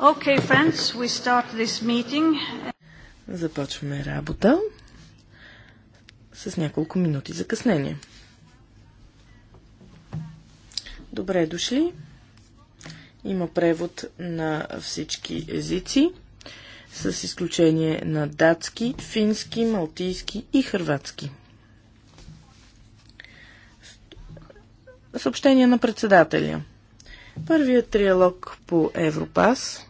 Okay, friends, we start this meeting. Започваме работа с няколко минути закъснение. Добре дошли. Има превод на всички езици, с изключение на датски, фински, малтийски и хърватски. Съобщение на председателя. Първият триалог по Европас –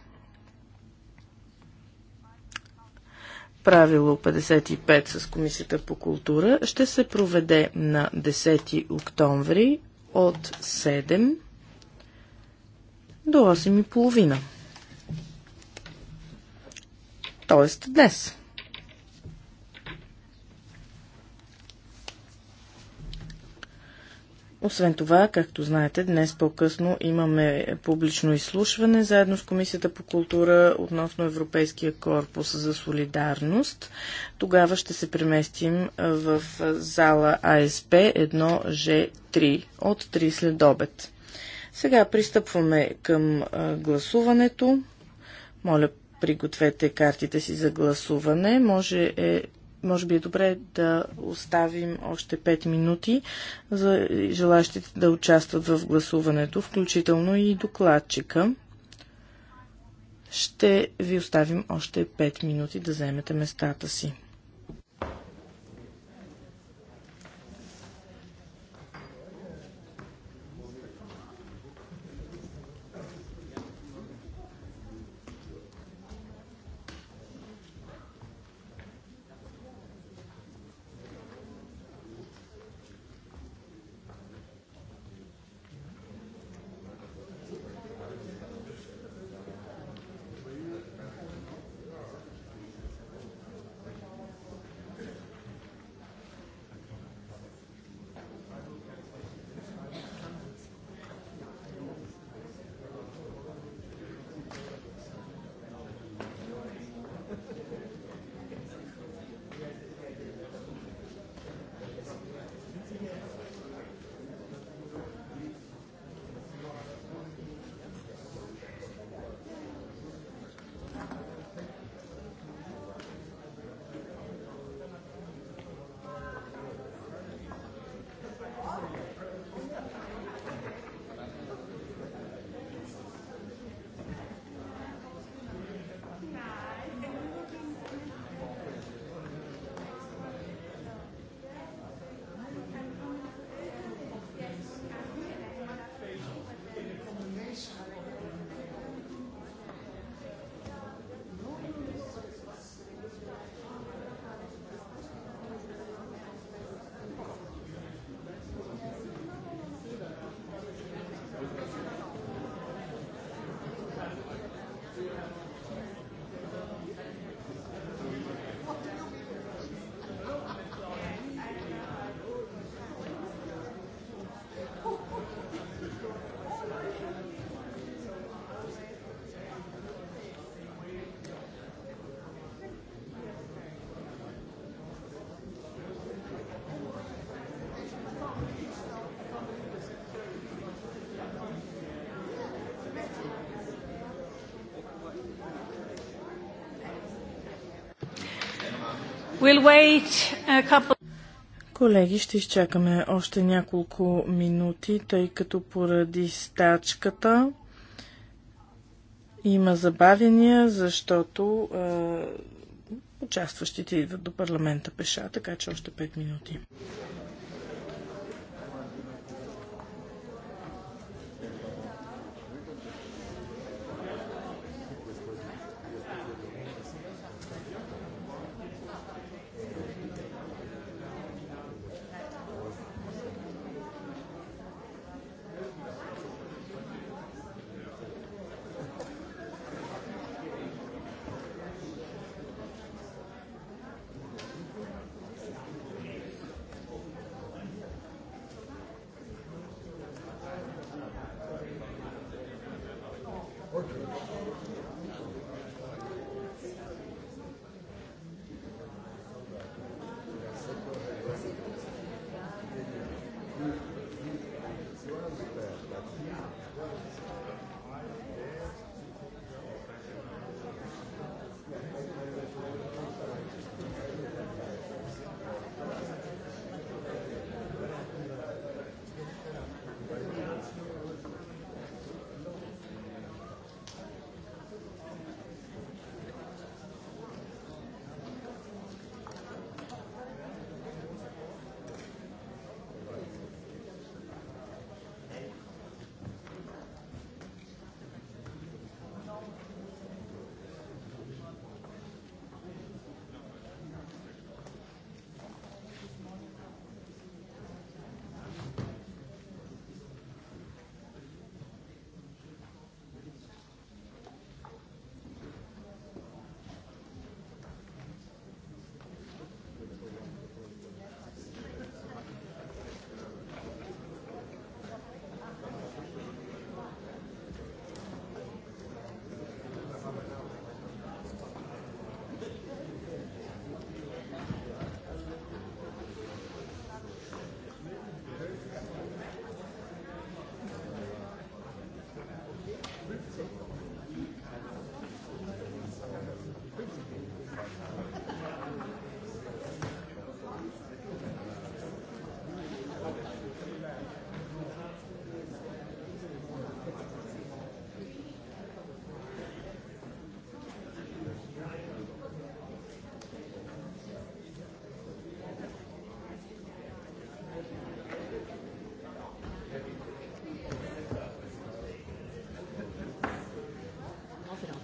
правило 55 с Комисията по култура ще се проведе на 10 октомври от 7 до 8.30. Тоест днес. Освен това, както знаете, днес по-късно имаме публично изслушване заедно с Комисията по култура относно Европейския корпус за солидарност. Тогава ще се преместим в зала АСП 1Ж3 от 3 след обед. Сега пристъпваме към гласуването. Моля, пригответе картите си за гласуване. Може е може би е добре да оставим още 5 минути за желащите да участват в гласуването, включително и докладчика. Ще ви оставим още 5 минути да вземете местата си. Колеги, ще изчакаме още няколко минути, тъй като поради стачката има забавения, защото е, участващите идват до парламента пеша, така че още 5 минути.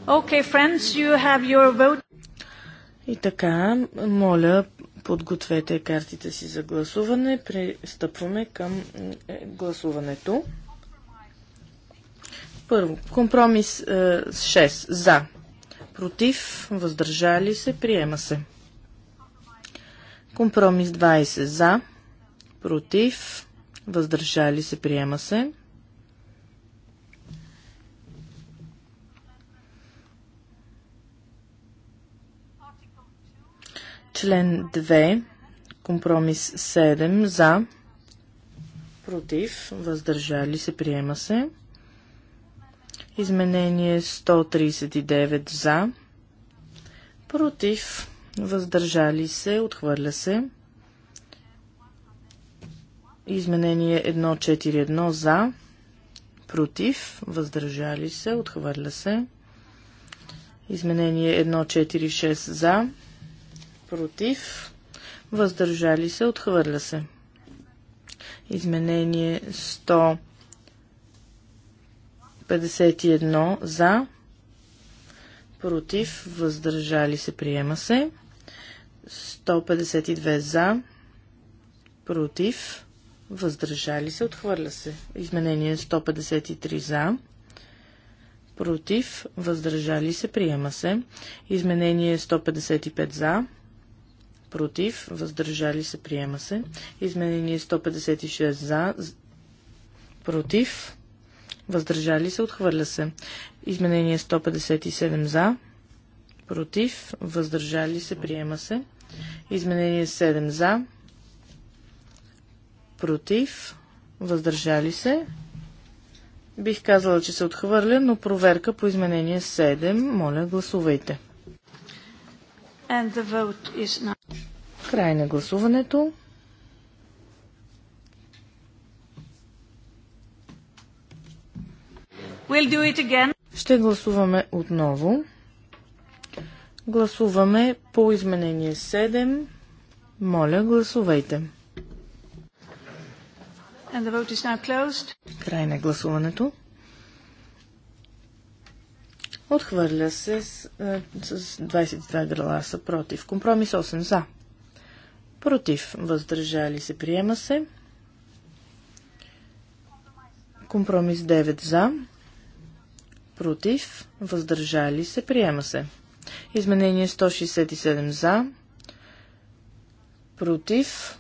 Okay, friends, you have your vote. И така, моля, подгответе картите си за гласуване. Пристъпваме към е, гласуването. Първо, компромис 6. Е, за. Против. Въздържали се. Приема се. Компромис 20. За. Против. Въздържали се. Приема се. Член 2, компромис 7 за, против, въздържали се, приема се. Изменение 139 за, против, въздържали се, отхвърля се. Изменение 141 за, против, въздържали се, отхвърля се. Изменение 146 за, против, въздържали се, отхвърля се. Изменение 151 за, против, въздържали се, приема се. 152 за, против, въздържали се, отхвърля се. Изменение 153 за, против, въздържали се, приема се. Изменение 155 за, против, въздържали се, приема се. Изменение 156 за, против, въздържали се, отхвърля се. Изменение 157 за, против, въздържали се, приема се. Изменение 7 за, против, въздържали се. Бих казала, че се отхвърля, но проверка по изменение 7. Моля, гласувайте. And the vote is now. Край на гласуването. We'll do it again. Ще гласуваме отново. Гласуваме по изменение 7. Моля, гласувайте. And the vote is now closed. Край на гласуването. Отхвърля се с, е, с 22 гласа против. Компромис 8 за. Против. Въздържали се. Приема се. Компромис 9 за. Против. Въздържали се. Приема се. Изменение 167 за. Против.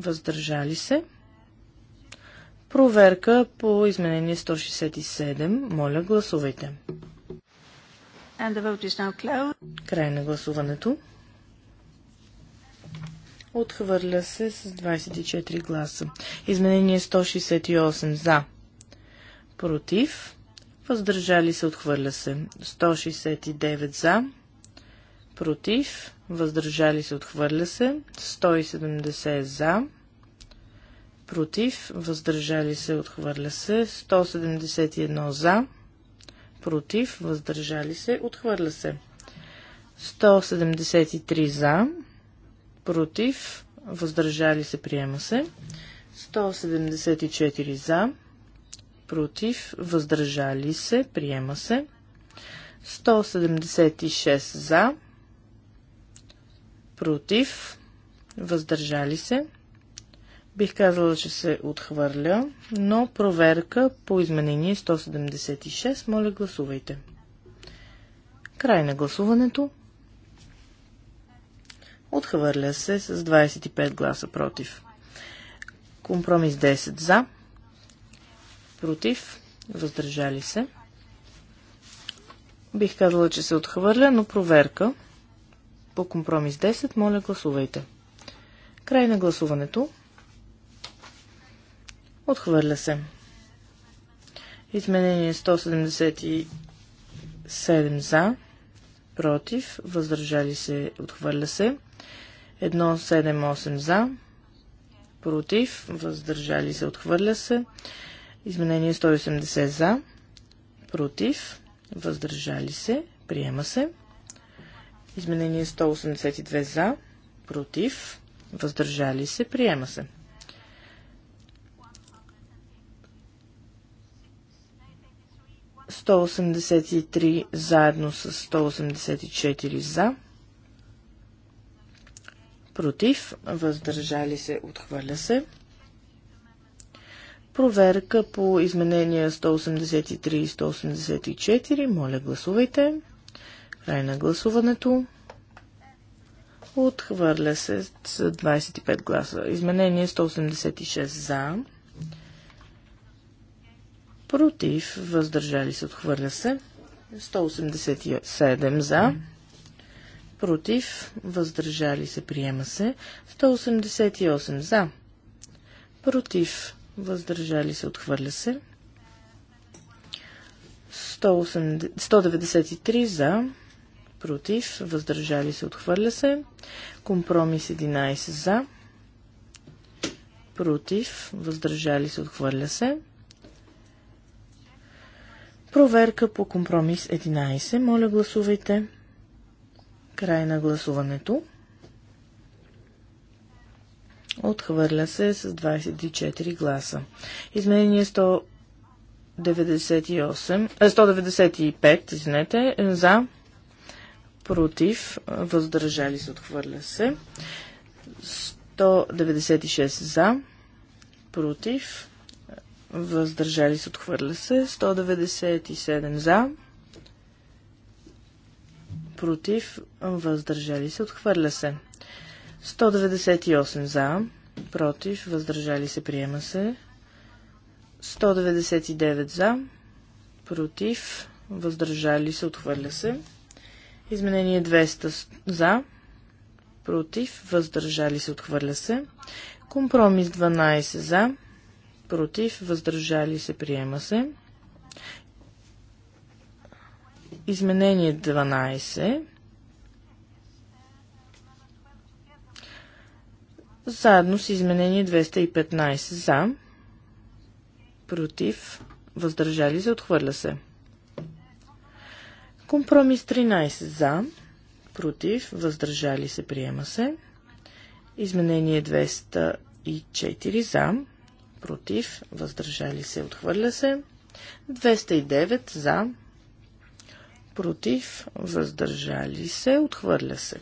Въздържали се. Проверка по изменение 167. Моля, гласувайте. And the vote is now closed. Край на гласуването. Отхвърля се с 24 гласа. Изменение 168 за. Против. Въздържали се. Отхвърля се. 169 за. Против. Въздържали се. Отхвърля се. 170 за против, въздържали се, отхвърля се. 171 за, против, въздържали се, отхвърля се. 173 за, против, въздържали се, приема се. 174 за, против, въздържали се, приема се. 176 за, против, въздържали се, Бих казала, че се отхвърля, но проверка по изменение 176. Моля, гласувайте. Край на гласуването. Отхвърля се с 25 гласа против. Компромис 10 за. Против. Въздържали се. Бих казала, че се отхвърля, но проверка. По компромис 10, моля гласувайте. Край на гласуването. Отхвърля се. Изменение 177 за, против, въздържали се, отхвърля се. 178 за, против, въздържали се, отхвърля се. Изменение 180 за, против, въздържали се, приема се. Изменение 182 за, против, въздържали се, приема се. 183 заедно с 184 за. Против, въздържали се, отхвърля се. Проверка по изменения 183 и 184. Моля, гласувайте. Край на гласуването. Отхвърля се с 25 гласа. Изменение 186 за против, въздържали се, отхвърля се. 187 за, против, въздържали се, приема се. 188 за, против, въздържали се, отхвърля се. 193 за, против, въздържали се, отхвърля се. Компромис 11 за, против, въздържали се, отхвърля се. Проверка по компромис 11. Моля гласувайте. Край на гласуването. Отхвърля се с 24 гласа. Изменение 198, 195, извинете, за, против, въздържали се, отхвърля се. 196 за, против, въздържали се, отхвърля се. 197 за, против, въздържали се, отхвърля се. 198 за, против, въздържали се, приема се. 199 за, против, въздържали се, отхвърля се. Изменение 200 за, против, въздържали се, отхвърля се. Компромис 12 за, против, въздържали се, приема се. Изменение 12. Заедно с изменение 215 за, против, въздържали се, отхвърля се. Компромис 13 за, против, въздържали се, приема се. Изменение 204 за, против, въздържали се, отхвърля се. 209 за, против, въздържали се, отхвърля се.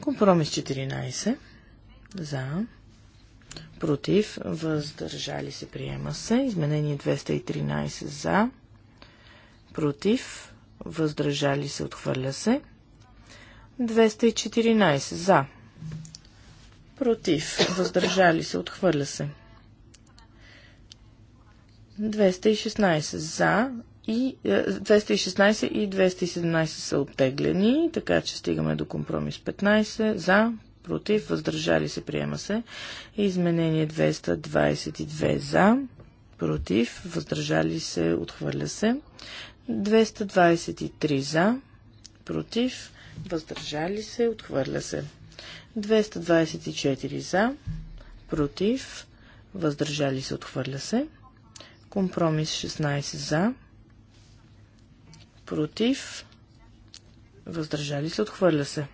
Компромис 14 за, против, въздържали се, приема се. Изменение 213 за, против, въздържали се, отхвърля се. 214 за, Против. Въздържали се. Отхвърля се. 216 за и 216 е, и 217 са оттеглени, така че стигаме до компромис 15 за, против, въздържали се, приема се. Изменение 222 за, против, въздържали се, отхвърля се. 223 за, против, въздържали се, отхвърля се. 224 за, против, въздържали се, отхвърля се. Компромис 16 за, против, въздържали се, отхвърля се.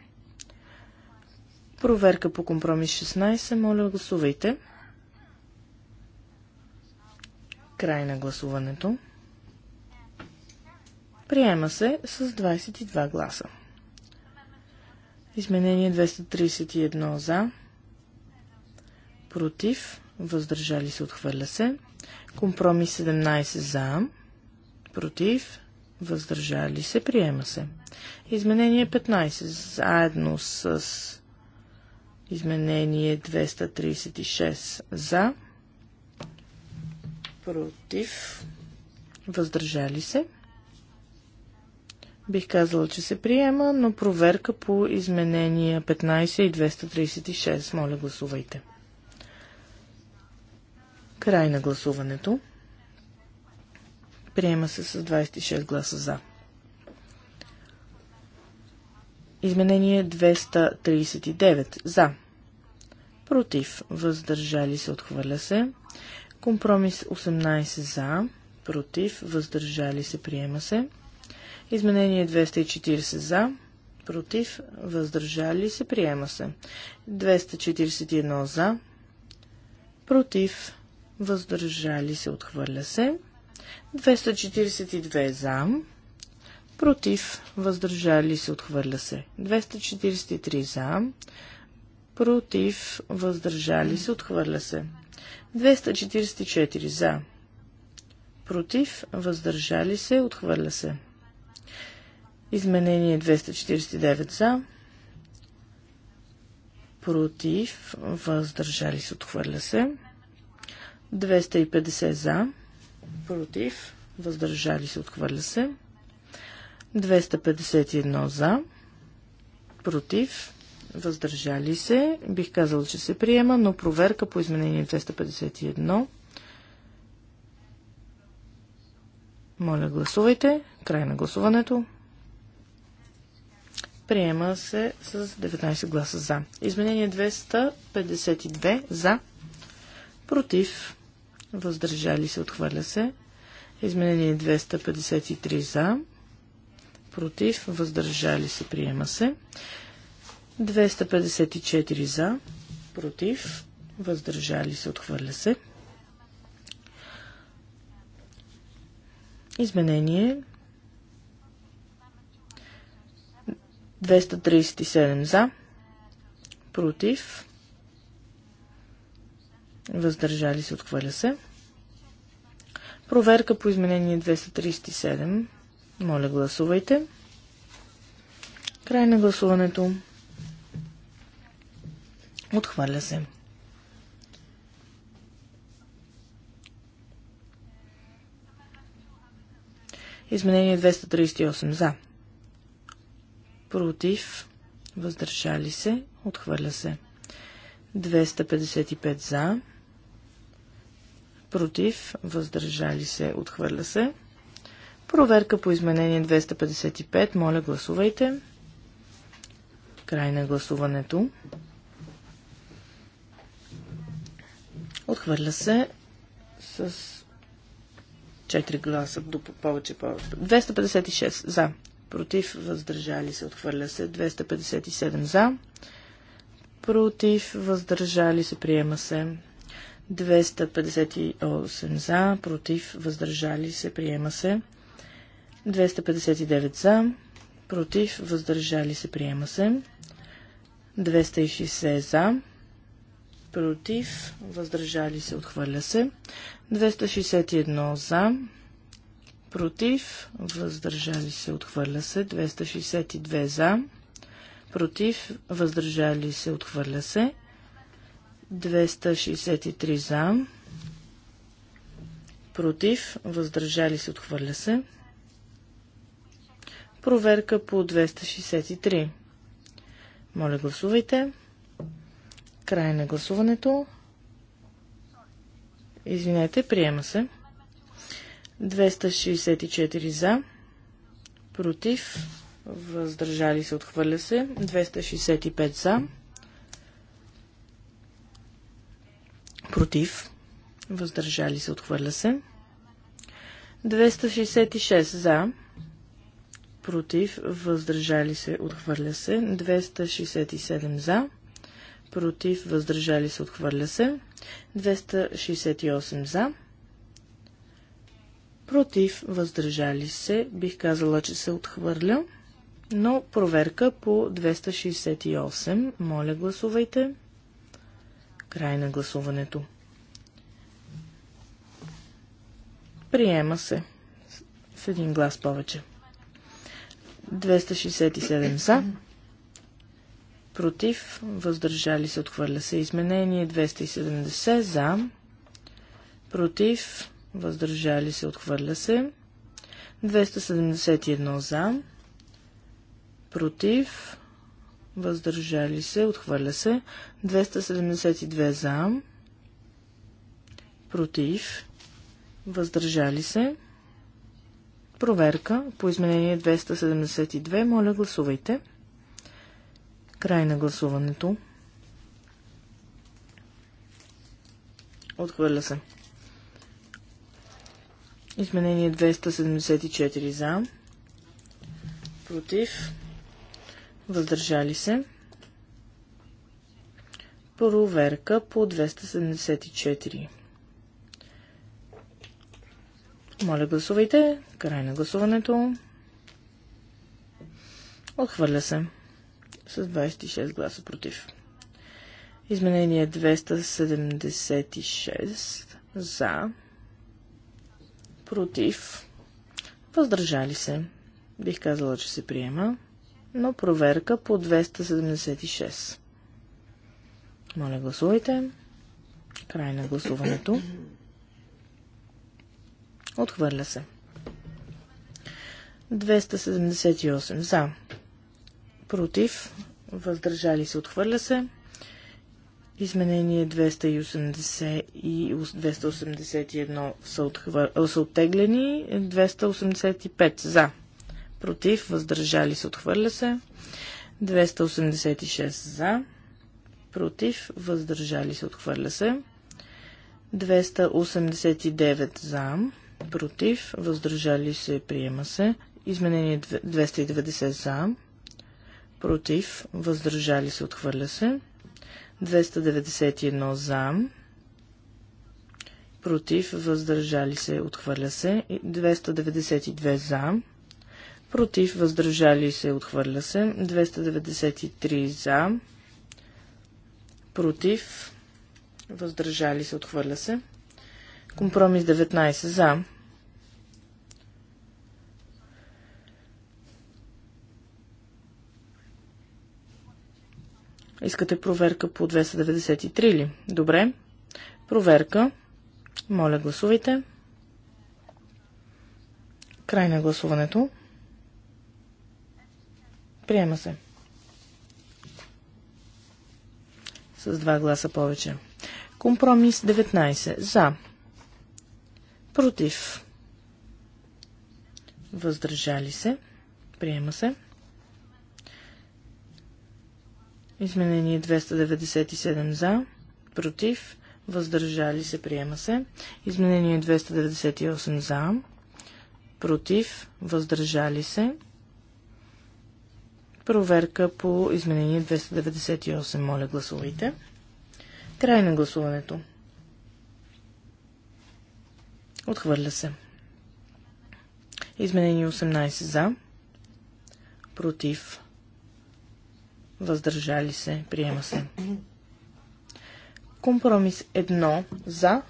Проверка по компромис 16, моля гласувайте. Край на гласуването. Приема се с 22 гласа. Изменение 231 за. Против. Въздържали се. Отхвърля се. Компромис 17 за. Против. Въздържали се. Приема се. Изменение 15 заедно с изменение 236 за. Против. Въздържали се. Бих казала, че се приема, но проверка по изменения 15 и 236. Моля, гласувайте. Край на гласуването. Приема се с 26 гласа за. Изменение 239 за. Против. Въздържали се. Отхвърля се. Компромис 18 за. Против. Въздържали се. Приема се. Изменение 240 за, против, въздържали се, приема се. 241 за, против, въздържали се, отхвърля се. 242 за, против, въздържали се, отхвърля се. 243 за, против, въздържали се, отхвърля се. 244 за, против, въздържали се, отхвърля се. Изменение 249 за. Против. Въздържали се. Отхвърля се. 250 за. Против. Въздържали се. Отхвърля се. 251 за. Против. Въздържали се. Бих казал, че се приема, но проверка по изменение 251. Моля, гласувайте. Край на гласуването. Приема се с 19 гласа за. Изменение 252 за. Против. Въздържали се. Отхвърля се. Изменение 253 за. Против. Въздържали се. Приема се. 254 за. Против. Въздържали се. Отхвърля се. Изменение 237 за, против, въздържали се, отхвърля се. Проверка по изменение 237. Моля, гласувайте. Край на гласуването. Отхвърля се. Изменение 238 за против, въздържали се, отхвърля се. 255 за, против, въздържали се, отхвърля се. Проверка по изменение 255. Моля, гласувайте. Край на гласуването. Отхвърля се с 4 гласа до повече повече. 256 за, против, въздържали се, отхвърля се 257 за, против, въздържали се, приема се 258 за, против, въздържали се, приема се 259 за, против, въздържали се, приема се 260 за, против, въздържали се, отхвърля се 261 за, против, въздържали се, отхвърля се, 262 за, против, въздържали се, отхвърля се, 263 за, против, въздържали се, отхвърля се. Проверка по 263. Моля, гласувайте. Край на гласуването. Извинете, приема се. 264 за, против, въздържали се, отхвърля се, 265 за, против, въздържали се, отхвърля се, 266 за, против, въздържали се, отхвърля се, 267 за, против, въздържали се, отхвърля се, 268 за, против, въздържали се, бих казала, че се отхвърля, но проверка по 268. Моля, гласувайте. Край на гласуването. Приема се. С един глас повече. 267 за. Против. Въздържали се. Отхвърля се. Изменение 270 за. Против въздържали се, отхвърля се. 271 за, против, въздържали се, отхвърля се. 272 за, против, въздържали се. Проверка по изменение 272. Моля, гласувайте. Край на гласуването. Отхвърля се. Изменение 274 за. Против. Въздържали се. Проверка по 274. Моля гласувайте. Край на гласуването. Отхвърля се. С 26 гласа против. Изменение 276 за против, въздържали се. Бих казала, че се приема, но проверка по 276. Моля, гласувайте. Край на гласуването. Отхвърля се. 278 за. Против. Въздържали се. Отхвърля се. Изменение 280 и 281 са, отхвър... са оттеглени, 285 за, против, въздържали се, отхвърля се, 286 за, против, въздържали се, отхвърля се, 289 за, против, въздържали се, приема се, изменение 290 за, против, въздържали се, отхвърля се, 291 за, против, въздържали се, отхвърля се. 292 за, против, въздържали се, отхвърля се. 293 за, против, въздържали се, отхвърля се. Компромис 19 за, Искате проверка по 293 ли? Добре. Проверка. Моля, гласувайте. Край на гласуването. Приема се. С два гласа повече. Компромис 19. За. Против. Въздържали се. Приема се. Изменение 297 за, против, въздържали се, приема се. Изменение 298 за, против, въздържали се. Проверка по изменение 298. Моля, гласувайте. Край на гласуването. Отхвърля се. Изменение 18 за, против, въздържали се, приема се. Компромис 1 за,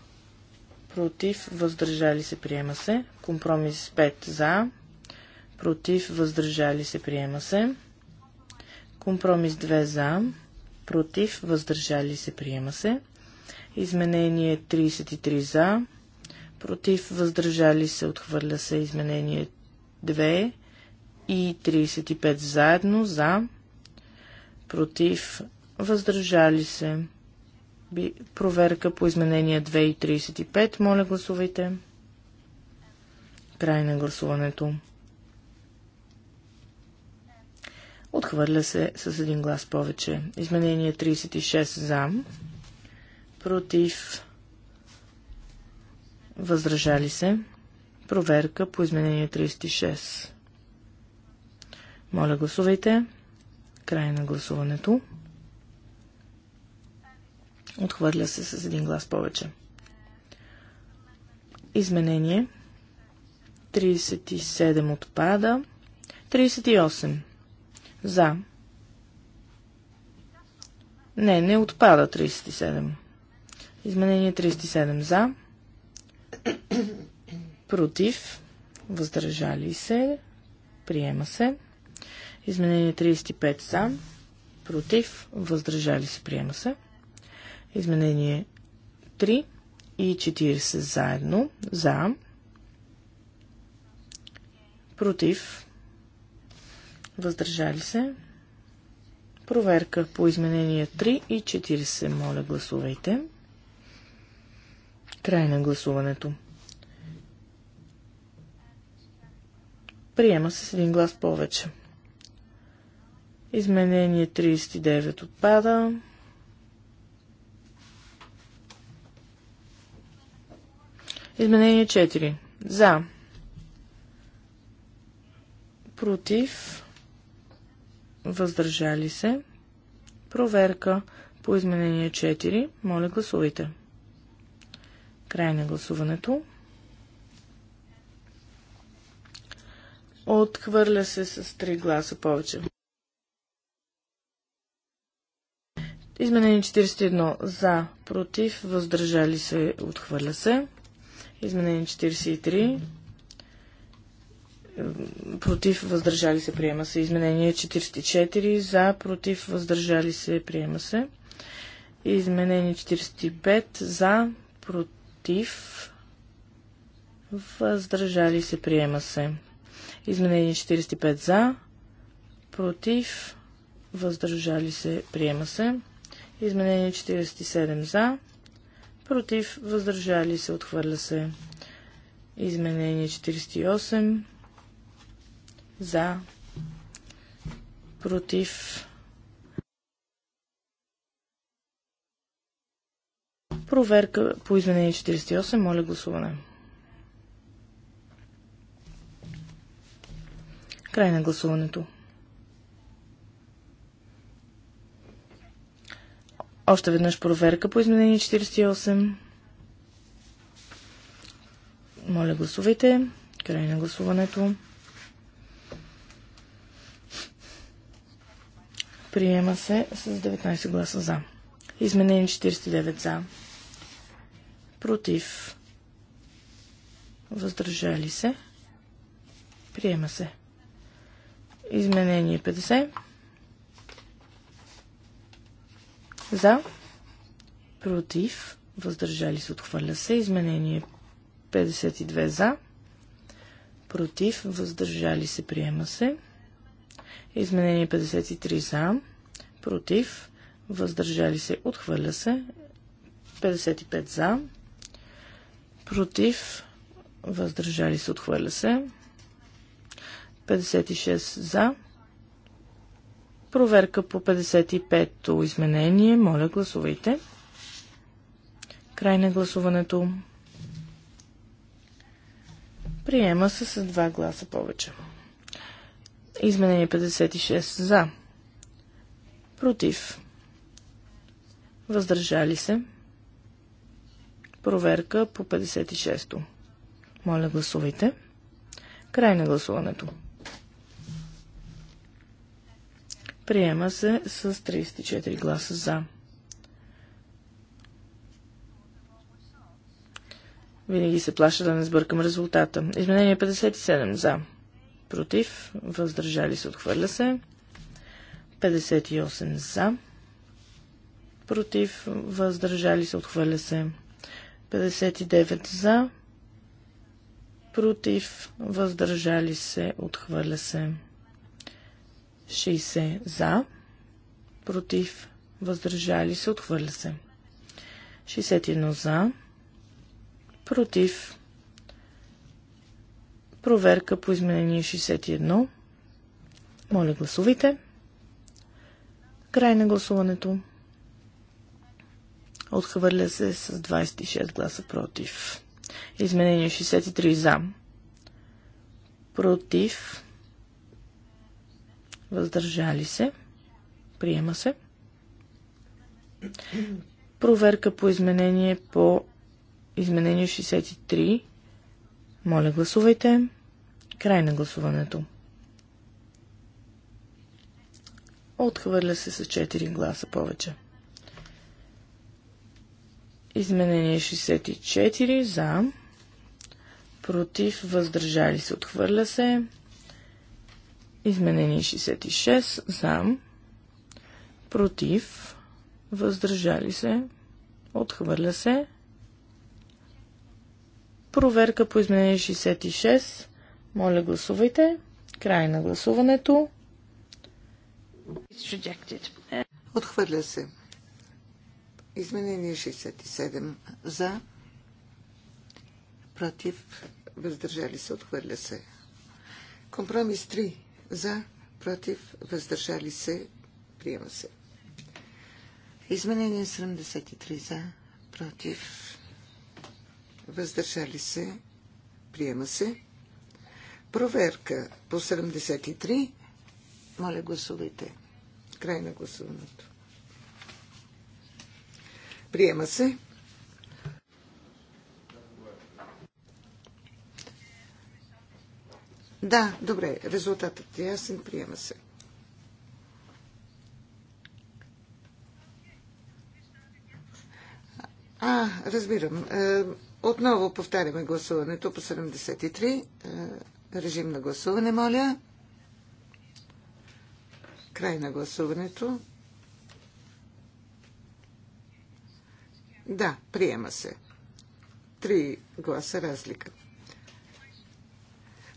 против, въздържали се, приема се. Компромис 5 за, против, въздържали се, приема се. Компромис 2 за, против, въздържали се, приема се. Изменение 33 за, против, въздържали се, отхвърля се. Изменение 2 и 35 заедно за, против, въздържали се. Би, проверка по изменения 2 и 35. Моля, гласувайте. Край на гласуването. Отхвърля се с един глас повече. Изменение 36 за. Против. Въздържали се. Проверка по изменение 36. Моля, гласувайте. Край на гласуването. Отхвърля се с един глас повече. Изменение. 37 отпада. 38. За. Не, не отпада 37. Изменение 37 за. Против. Въздържали се. Приема се. Изменение 35 за, против, въздържали се, приема се. Изменение 3 и 40 заедно, за, против, въздържали се. Проверка по изменения 3 и 40. Моля, гласувайте. Край на гласуването. Приема се с един глас повече. Изменение 39 отпада. Изменение 4. За. Против. Въздържали се. Проверка по изменение 4. Моля гласувайте. Край на гласуването. Отхвърля се с 3 гласа повече. Изменение 41 за, против, въздържали се, отхвърля се. Изменение 43 против, въздържали се, приема се. Изменение 44 за, против, въздържали се, приема се. Изменение 45 за, против, въздържали се, приема се. Изменение 45 за, против, въздържали се, приема се. Изменение 47 за. Против. Въздържали се. Отхвърля се. Изменение 48 за. Против. Проверка по изменение 48. Моля гласуване. Край на гласуването. Още веднъж проверка по изменение 48. Моля, гласувайте. Край на гласуването. Приема се с 19 гласа за. Изменение 49 за. Против. Въздържали се. Приема се. Изменение 50. За. Против. Въздържали се. Отхвърля се. Изменение 52 за. Против. Въздържали се. Приема се. Изменение 53 за. Против. Въздържали се. Отхвърля се. 55 за. Против. Въздържали се. Отхвърля се. 56 за Проверка по 55-то изменение. Моля, гласувайте. Край на гласуването. Приема се с 2 гласа повече. Изменение 56 за. Против. Въздържали се. Проверка по 56-то. Моля, гласувайте. Край на гласуването. Приема се с 34 гласа за. Винаги се плаша да не сбъркам резултата. Изменение 57 за. Против. Въздържали се. Отхвърля се. 58 за. Против. Въздържали се. Отхвърля се. 59 за. Против. Въздържали се. Отхвърля се. 60 за, против, въздържали се, отхвърля се. 61 за, против, проверка по изменение 61. Моля, гласувайте. Край на гласуването. Отхвърля се с 26 гласа против. Изменение 63 за. Против въздържали се, приема се. Проверка по изменение по изменение 63. Моля, гласувайте. Край на гласуването. Отхвърля се с 4 гласа повече. Изменение 64 за. Против, въздържали се, отхвърля се. Изменение 66 за, против, въздържали се, отхвърля се. Проверка по изменение 66. Моля гласувайте. Край на гласуването. Отхвърля се. Изменение 67 за, против, въздържали се, отхвърля се. Компромис 3 за, против, въздържали се, приема се. Изменение 73 за, против, въздържали се, приема се. Проверка по 73. Моля, гласувайте. Край на гласуването. Приема се. Да, добре, резултатът е ясен, приема се. А, разбирам. Е, отново повтаряме гласуването по 73. Е, режим на гласуване, моля. Край на гласуването. Да, приема се. Три гласа разлика.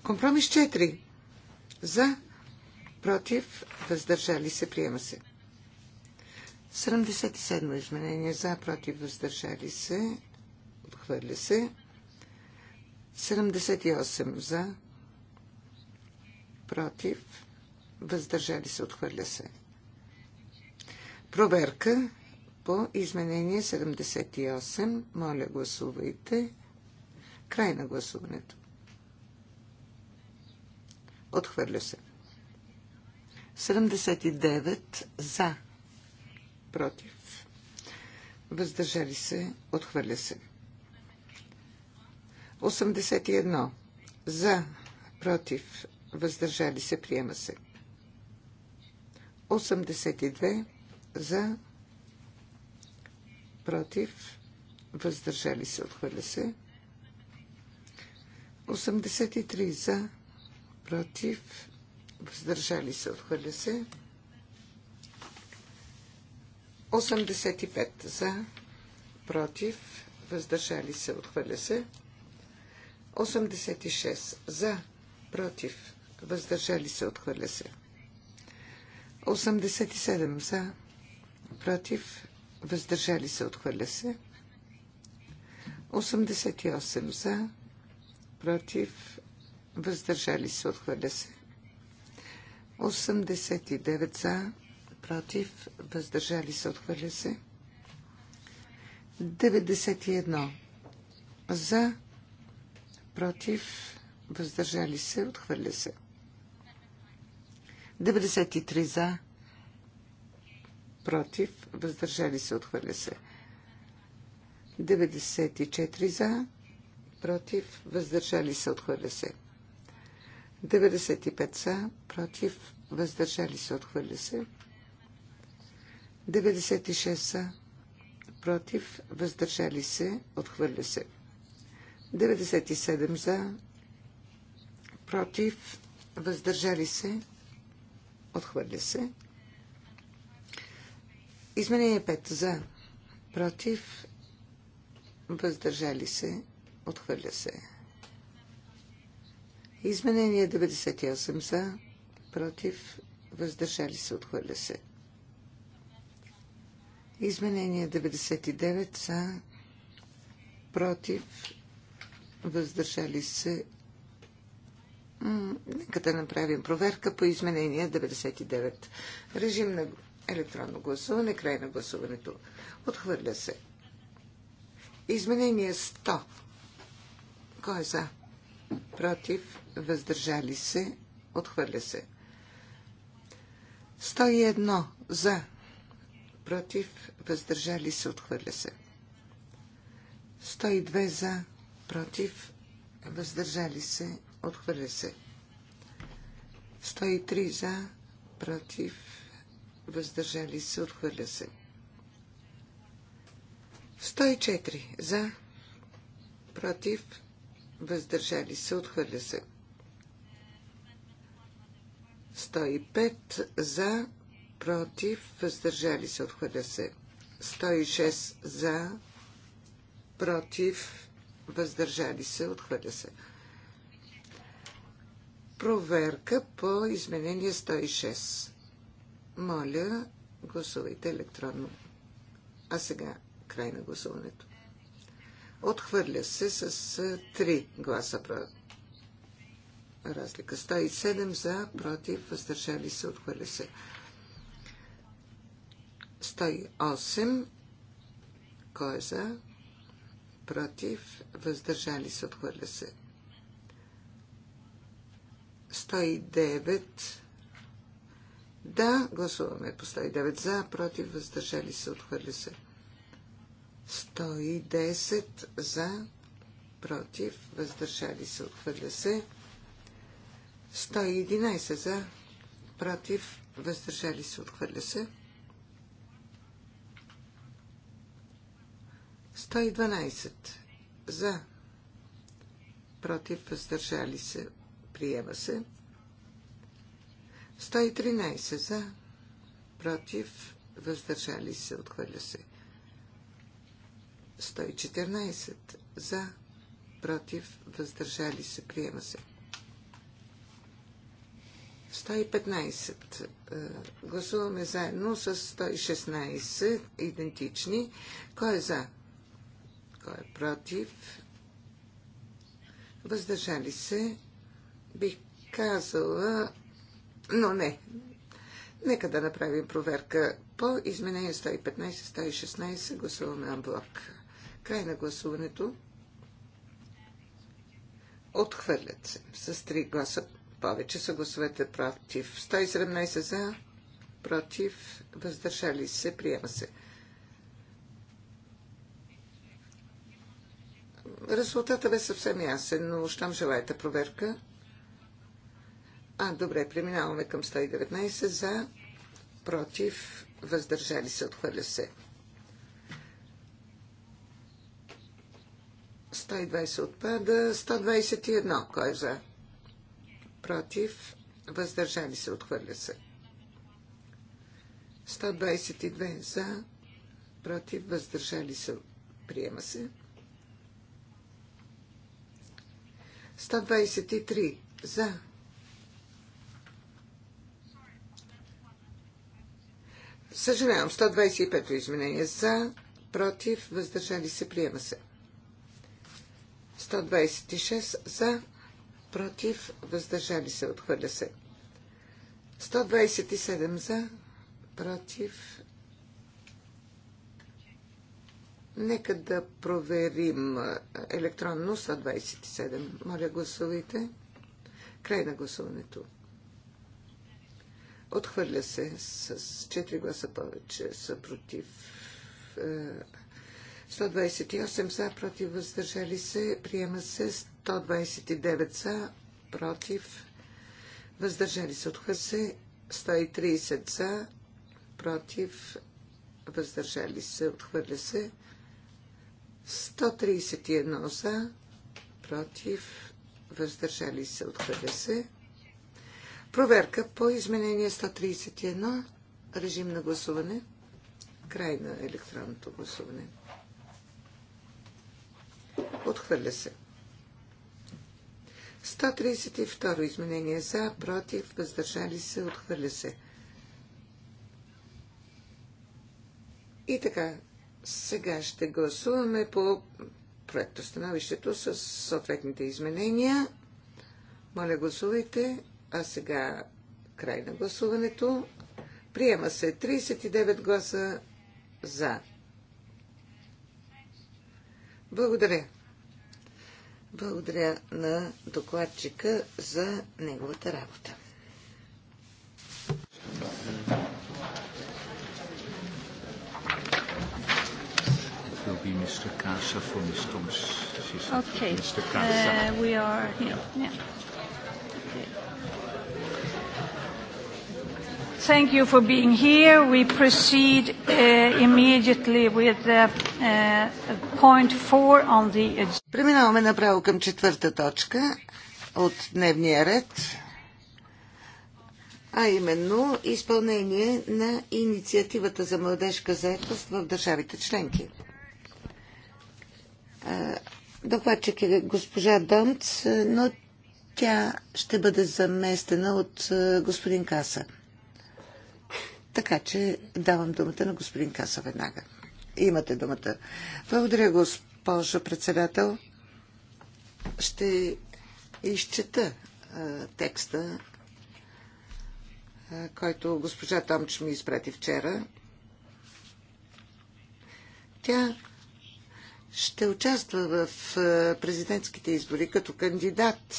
Компромис 4. За, против, въздържали се, приема се. 77 изменение за, против, въздържали се, отхвърля се. 78 за, против, въздържали се, отхвърля се. Проверка по изменение 78. Моля, гласувайте. Край на гласуването. Отхвърля се. 79 за. Против. Въздържали се. Отхвърля се. 81 за. Против. Въздържали се. Приема се. 82 за. Против. Въздържали се. Отхвърля се. 83 за против, въздържали се, отхвърля се. 85 за, против, въздържали се, отхвърля се. 86 за, против, въздържали се, отхвърля се. 87 за, против, въздържали се, отхвърля се. 88 за, против, въздържали се, отхвърля се. 89 за, против, въздържали се, отхвърля се. 91 за, против, въздържали се, отхвърля се. 93 за, против, въздържали се, отхвърля се. 94 за, против, въздържали се, отхвърля се. 95 са, против, въздържали се, отхвърля се. 96 са, против, въздържали се, отхвърля се. 97 за, против, въздържали се, отхвърля се. Изменение 5 за, против, въздържали се, отхвърля се. Изменение 98 за, против, въздържали се, отхвърля се. Изменение 99 за, против, въздържали се. М нека да направим проверка по изменение 99. Режим на електронно гласуване, край на гласуването. Отхвърля се. Изменение 100. Кой е за? против, въздържали се, отхвърля се. 101 за, против, въздържали се, отхвърля се. 102 за, против, въздържали се, отхвърля се. 103 за, против, въздържали се, отхвърля се. 104 за, против, въздържали се, отхвърля се. 105 за, против, въздържали се, отхвърля се. 106 за, против, въздържали се, отхвърля се. Проверка по изменение 106. Моля, гласувайте електронно. А сега край на гласуването. Отхвърля се с 3 гласа разлика. 107 за, против, въздържали се, отхвърля се. 108. Кой е за? Против, въздържали се, отхвърля се. 109. Да, гласуваме по 109 за, против, въздържали се, отхвърля се. 110. 110 за, против, въздържали се, отхвърля се. 111 за, против, въздържали се, отхвърля се. 112 за, против, въздържали се, приема се. 113 за, против, въздържали се, отхвърля се. 114 за, против, въздържали се, приема се. 115. Е, гласуваме заедно с 116, идентични. Кой е за? Кой е против? Въздържали се? Бих казала, но не. Нека да направим проверка по изменение 115-116. Гласуваме на блок. Край на гласуването. Отхвърлят се с 3 гласа. Повече са гласовете против. 117 за, против, въздържали се, приема се. Резултата бе съвсем ясен, но щом желаете проверка. А, добре, преминаваме към 119 за, против, въздържали се, отхвърля се. 120 отпада. 121. Кой е за? Против. Въздържали се. Отхвърля се. 122 за. Против. Въздържали се. Приема се. 123 за. Съжалявам, 125 изменение за, против, въздържали се, приема се. 123. 126 за, против, въздържали се, отхвърля се. 127 за, против. Нека да проверим електронно 127. Моля, гласувайте. Край на гласуването. Отхвърля се с 4 гласа повече са против. Е, 128 за, против, въздържали се. Приема се 129 за, против, въздържали се. отхва се 130 за, против, въздържали се. Отхвърля се 131 за, против, въздържали се. Отхвърля се. Проверка по изменение 131. Режим на гласуване. Край на електронното гласуване. Отхвърля се. 132 изменение за, против, въздържали се, отхвърля се. И така, сега ще гласуваме по проектостановището с съответните изменения. Моля, гласувайте. А сега край на гласуването. Приема се 39 гласа за, благодаря. Благодаря на докладчика за неговата работа. Okay. Uh, we are here. Yeah. Thank you for being here. We proceed uh, immediately with uh, uh, point four on the Преминаваме направо към четвърта точка от дневния ред, а именно изпълнение на инициативата за младежка заетост в държавите членки. Докладчик е госпожа Донц, но тя ще бъде заместена от господин Каса. Така че давам думата на господин Каса веднага. Имате думата. Благодаря, госпожо председател. Ще изчета а, текста, а, който госпожа Томч ми изпрати вчера. Тя ще участва в президентските избори като кандидат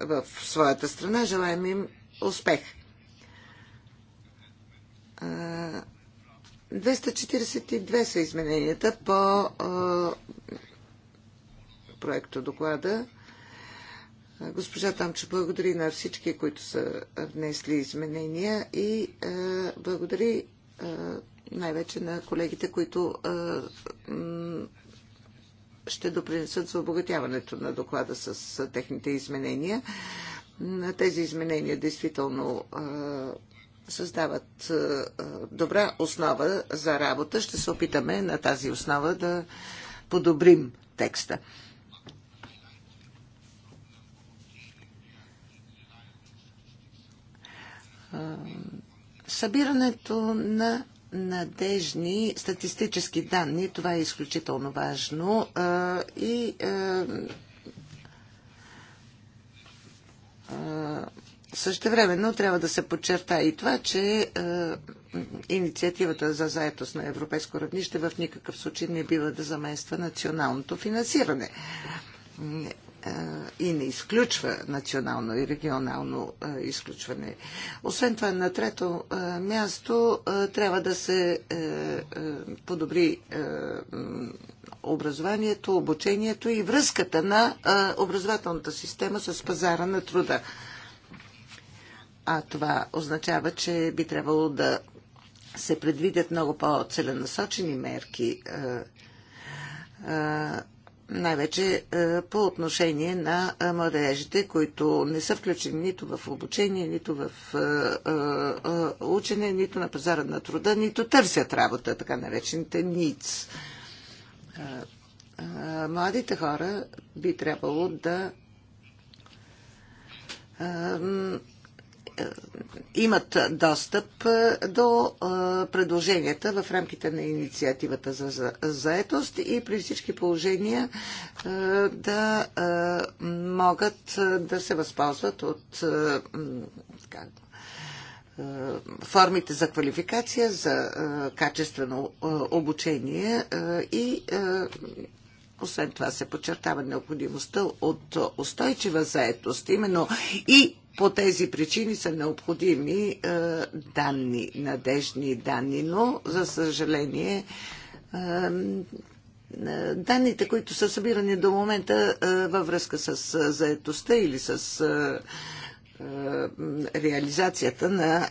в своята страна. Желаем им успех. 242 са измененията по проекто доклада. Госпожа Тамче благодари на всички, които са внесли изменения и благодари най-вече на колегите, които ще допринесат за обогатяването на доклада с, с техните изменения. Тези изменения действително създават е, е, добра основа за работа. Ще се опитаме на тази основа да подобрим текста. Е, събирането на надежни статистически данни, това е изключително важно и Същевременно трябва да се подчерта и това, че е, инициативата за заетост на европейско равнище в никакъв случай не бива да замества националното финансиране е, и не изключва национално и регионално е, изключване. Освен това, на трето е, място трябва да се подобри образованието, обучението и връзката на образователната система с пазара на труда а това означава, че би трябвало да се предвидят много по-целенасочени мерки, е, е, най-вече е, по отношение на младежите, които не са включени нито в обучение, нито в учене, нито на пазара на труда, нито търсят работа, така наречените ниц. Младите хора би трябвало да е, имат достъп е, до е, предложенията в рамките на инициативата за заетост и при всички положения да могат да се възползват от формите за квалификация, за качествено обучение и освен това се подчертава необходимостта от устойчива заетост. Именно и по тези причини са необходими е, данни, надежни данни, но за съжаление е, е, данните, които са събирани до момента във връзка с заетостта или с реализацията на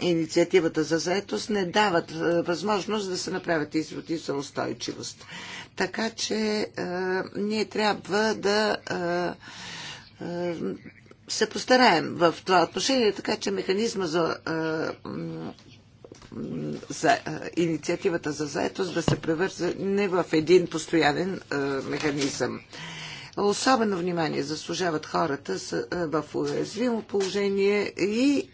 инициативата за заетост не дават възможност да се направят изводи за устойчивост. Така че ние трябва да се постараем в това отношение, така че механизма за, е, за е, инициативата за заетост да се превърза не в един постоянен е, механизъм. Особено внимание заслужават хората в уязвимо положение и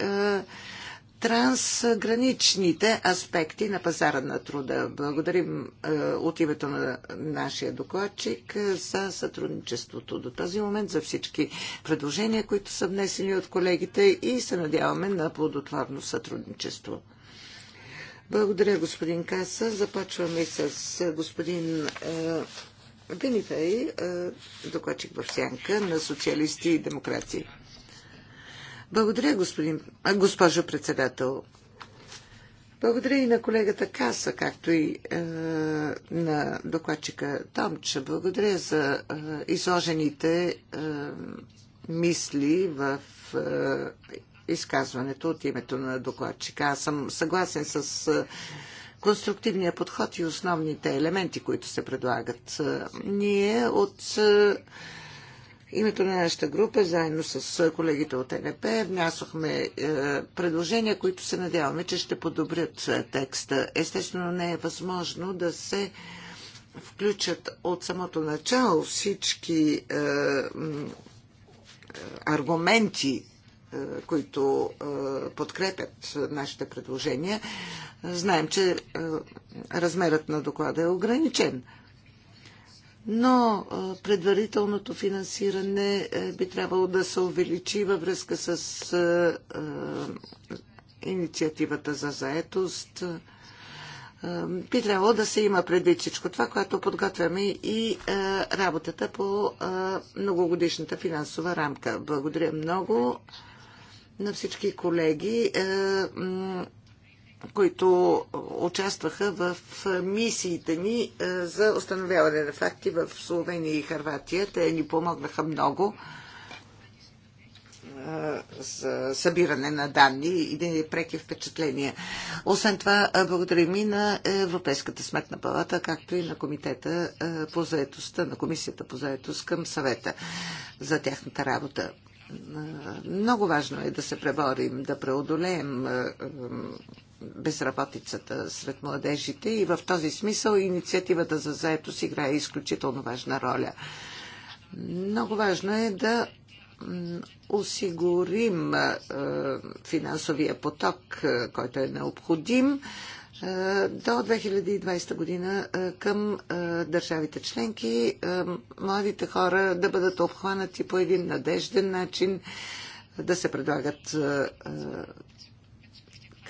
трансграничните аспекти на пазара на труда. Благодарим е, от името на нашия докладчик е, за сътрудничеството до този момент, за всички предложения, които са внесени от колегите и се надяваме на плодотворно сътрудничество. Благодаря, господин Каса. Започваме с е, господин е, Бенифей, е, докладчик в сянка на социалисти и демокрации. Благодаря, господин, а, госпожо председател. Благодаря и на колегата Каса, както и е, на докладчика Томча. Благодаря за е, изложените е, мисли в е, изказването от името на докладчика. Аз съм съгласен с е, конструктивния подход и основните елементи, които се предлагат. Е, ние от. Е, името на нашата група, заедно с колегите от НП, е, предложения, които се надяваме, че ще подобрят е, текста. Естествено, не е възможно да се включат от самото начало всички е, аргументи, е, които подкрепят нашите предложения. Знаем, че размерът на доклада е ограничен но предварителното финансиране е, би трябвало да се увеличи във връзка с инициативата за заетост. Би трябвало да се има предвид всичко това, което подготвяме и работата по многогодишната финансова рамка. Благодаря много на всички колеги. Е, които участваха в мисиите ни е, за установяване на факти в Словения и Харватия. Те ни помогнаха много е, за събиране на данни и да ни преки впечатления. Освен това, е, благодарим и на Европейската сметна палата, както и на Комитета по заедостта, на Комисията по заетост към съвета за тяхната работа. Много важно е да се преборим, да преодолеем безработицата сред младежите и в този смисъл инициативата за заетост играе изключително важна роля. Много важно е да осигурим финансовия поток, който е необходим до 2020 година към държавите членки младите хора да бъдат обхванати по един надежден начин, да се предлагат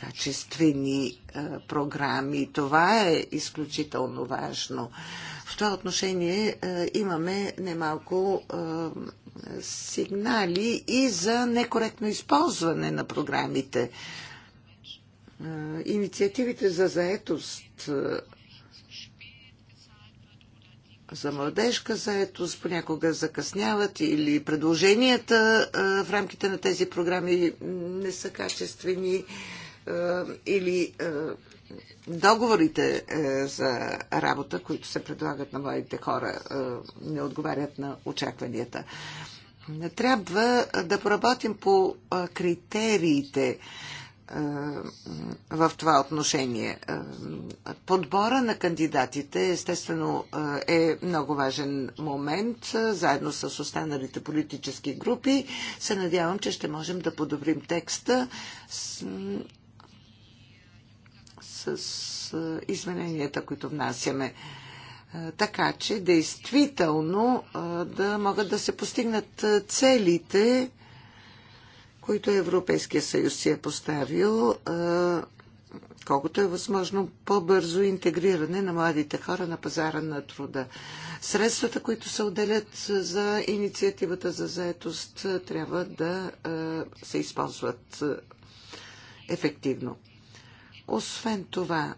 качествени програми. Това е изключително важно. В това отношение имаме немалко сигнали и за некоректно използване на програмите. Инициативите за заетост за младежка заетост понякога закъсняват или предложенията в рамките на тези програми не са качествени. Е, или е, договорите е, за работа, които се предлагат на моите хора, не отговарят на очакванията. Трябва да поработим по критериите в това отношение. Подбора на кандидатите естествено е много важен момент, заедно с останалите политически групи. Се надявам, че ще можем да подобрим текста с измененията, които внасяме. Така че, действително, да могат да се постигнат целите, които Европейския съюз си е поставил, колкото е възможно по-бързо интегриране на младите хора на пазара на труда. Средствата, които се отделят за инициативата за заетост, трябва да се използват ефективно. Освен това,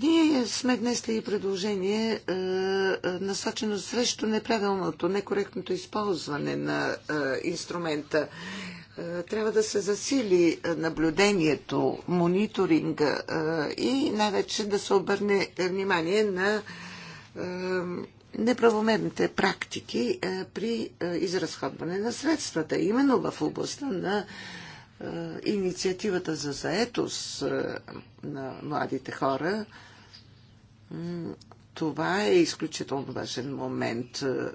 ние сме внесли и предложение насочено срещу неправилното, некоректното използване на инструмента. трябва да се засили наблюдението, мониторинга и най-вече да се обърне внимание на неправомерните практики при изразходване на средствата, именно в областта на е, инициативата за заетост е, на младите хора, това е изключително важен момент. Е,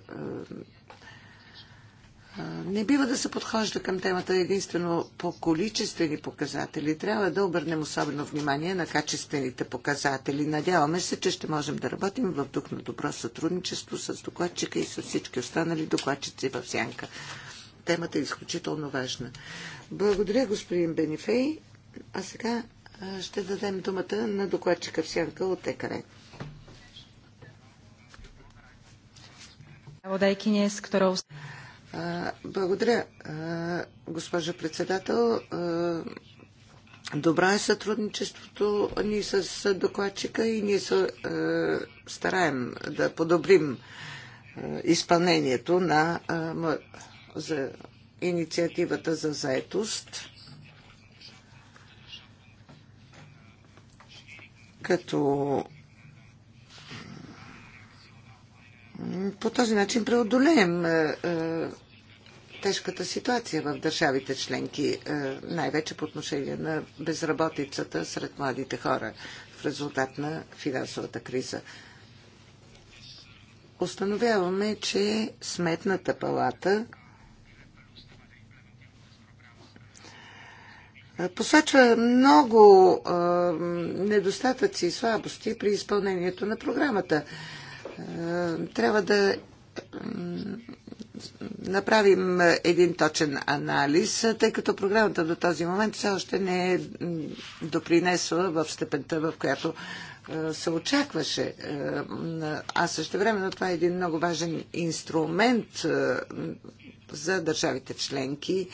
не бива да се подхожда към темата единствено по количествени показатели. Трябва да обърнем особено внимание на качествените показатели. Надяваме се, че ще можем да работим в дух на добро сътрудничество с докладчика и с всички останали докладчици в Сянка. Темата е изключително важна. Благодаря, господин Бенифей. А сега ще дадем думата на докладчика Всянка сянка от ЕКРЕ. Благодаря, госпожа председател. Добра е сътрудничеството ни с докладчика и ние се стараем да подобрим изпълнението на инициативата за заетост, като по този начин преодолеем е, е, тежката ситуация в държавите членки, е, най-вече по отношение на безработицата сред младите хора в резултат на финансовата криза. Установяваме, че Сметната палата Е, посочва много а, е, недостатъци и слабости при изпълнението на програмата. А, е, трябва да направим един точен анализ, тъй като програмата до този момент все още не е допринесла в степента, в която се очакваше. А също но това е един много важен инструмент за държавите членки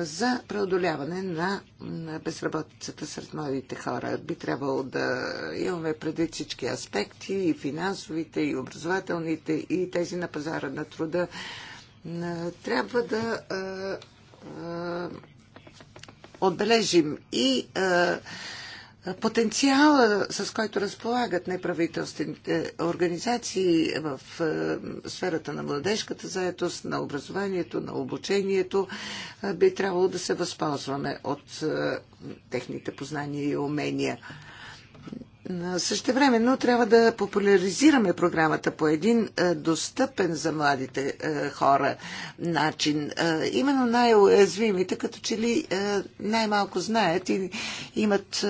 за преодоляване на безработицата сред младите хора. Би трябвало да имаме предвид всички аспекти, и финансовите, и образователните, и тези на пазара на труда. Трябва да отбележим и а, потенциала, с който разполагат неправителствените организации в е, сферата на младежката заетост, на образованието, на обучението, е, би трябвало да се възползваме от е, техните познания и умения. Също време, но трябва да популяризираме програмата по един е, достъпен за младите е, хора начин. Е, именно най-уязвимите, като че ли най-малко знаят и имат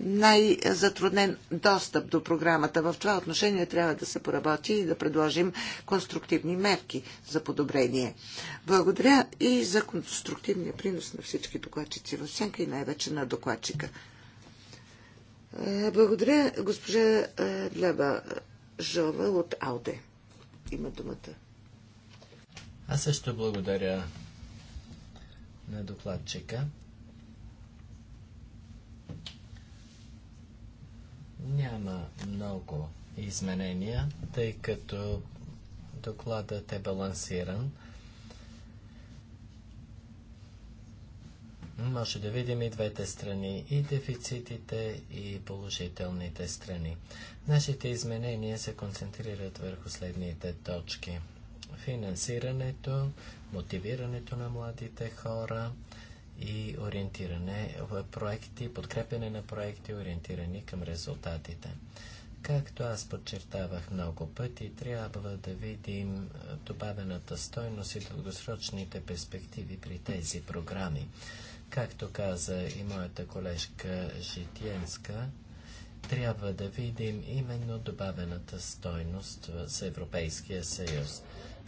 най-затруднен достъп до програмата. В това отношение трябва да се поработи и да предложим конструктивни мерки за подобрение. Благодаря и за конструктивния принос на всички докладчици в сянка и най-вече на докладчика. Е, благодаря, госпожа Глеба е, Жова от Ауде. Има думата. Аз също благодаря на докладчика. Няма много изменения, тъй като докладът е балансиран. може да видим и двете страни, и дефицитите, и положителните страни. Нашите изменения се концентрират върху следните точки. Финансирането, мотивирането на младите хора и ориентиране в проекти, подкрепене на проекти, ориентирани към резултатите. Както аз подчертавах много пъти, трябва да видим е, добавената стойност и дългосрочните перспективи при тези програми. Както каза и моята колежка Житиенска, трябва да видим именно добавената стойност с Европейския съюз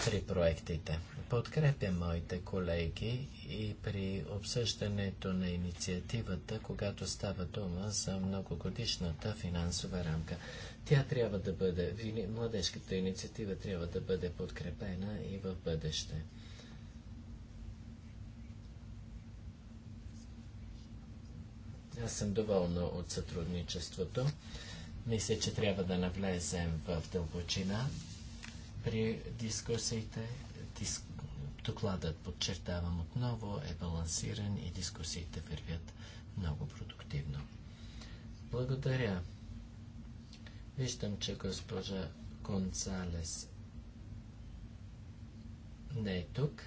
при проектите. Подкрепя моите колеги и при обсъждането на инициативата, когато става дума за многогодишната финансова рамка. Тя трябва да бъде, младежката инициатива трябва да бъде подкрепена и в бъдеще. Аз съм доволна от сътрудничеството. Мисля, че трябва да навлезем в дълбочина при дискусиите. Докладът, подчертавам отново, е балансиран и дискусиите вървят много продуктивно. Благодаря. Виждам, че госпожа Гонзалес не е тук.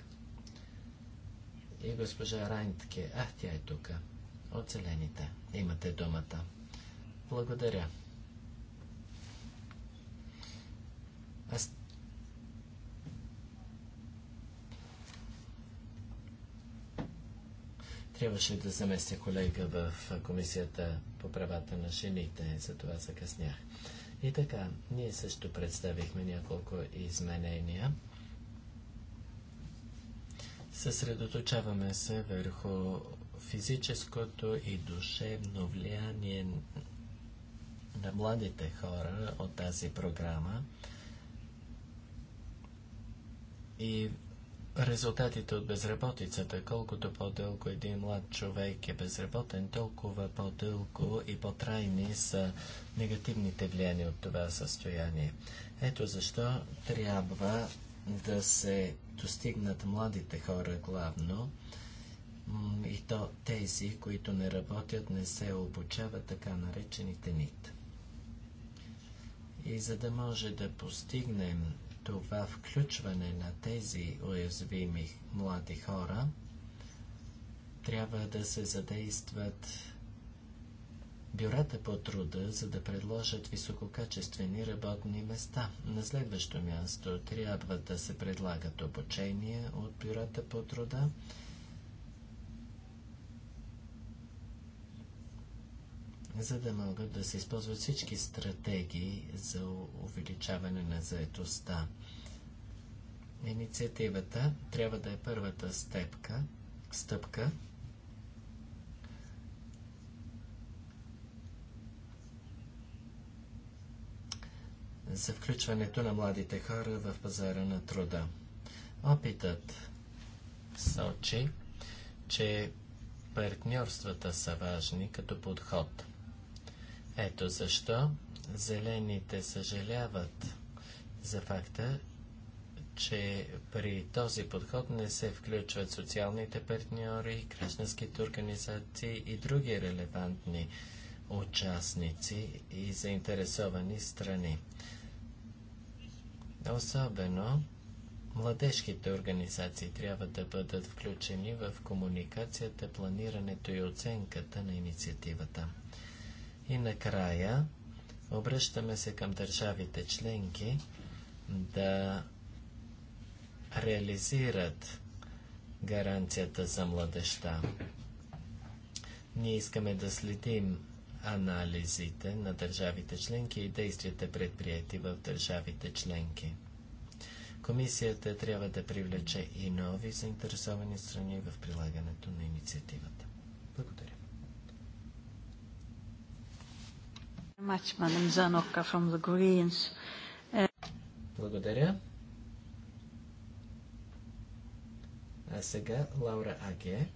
И госпожа Райнтке, ах, тя е тук. Оцелените Имате думата. Благодаря. Аз... Трябваше да заместя колега в Комисията по правата на жените, за това закъснях. И така, ние също представихме няколко изменения. Съсредоточаваме се върху физическото и душевно влияние на младите хора от тази програма и резултатите от безработицата. Колкото по-дълго един млад човек е безработен, толкова по-дълго и по-трайни са негативните влияния от това състояние. Ето защо трябва да се достигнат младите хора главно и то тези, които не работят, не се обучават така наречените нит. И за да може да постигнем това включване на тези уязвими млади хора, трябва да се задействат бюрата по труда, за да предложат висококачествени работни места. На следващо място трябва да се предлагат обучения от бюрата по труда, за да могат да се използват всички стратегии за увеличаване на заетостта. Инициативата трябва да е първата степка, стъпка за включването на младите хора в пазара на труда. Опитът сочи, че партньорствата са важни като подход – ето защо зелените съжаляват за факта, че при този подход не се включват социалните партньори, гражданските организации и други релевантни участници и заинтересовани страни. Особено младежките организации трябва да бъдат включени в комуникацията, планирането и оценката на инициативата. И накрая обръщаме се към държавите членки да реализират гаранцията за младеща. Ние искаме да следим анализите на държавите членки и действията предприяти в държавите членки. Комисията трябва да привлече и нови заинтересовани страни в прилагането на инициативата. Благодаря. Благодаря. А сега Лаура Аге.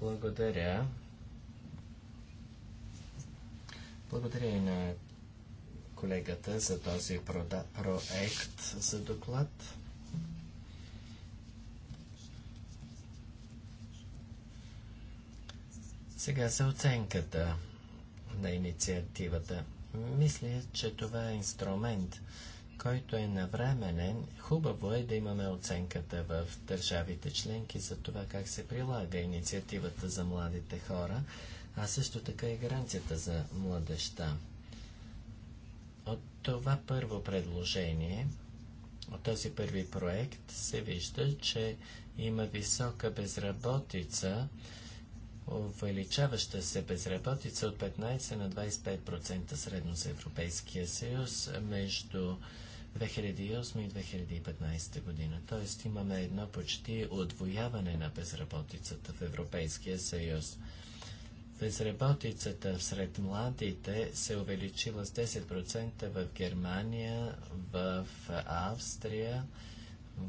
Благодаря. Благодаря и на колегата за този проект за доклад. Сега за оценката на инициативата. Мисля, че това е инструмент, който е навременен. Хубаво е да имаме оценката в държавите членки за това как се прилага инициативата за младите хора, а също така и гаранцията за младеща. От това първо предложение, от този първи проект се вижда, че има висока безработица увеличаваща се безработица от 15 на 25% средно за Европейския съюз между 2008 и 2015 година. Тоест имаме едно почти отвояване на безработицата в Европейския съюз. Безработицата сред младите се е увеличила с 10% в Германия, в Австрия,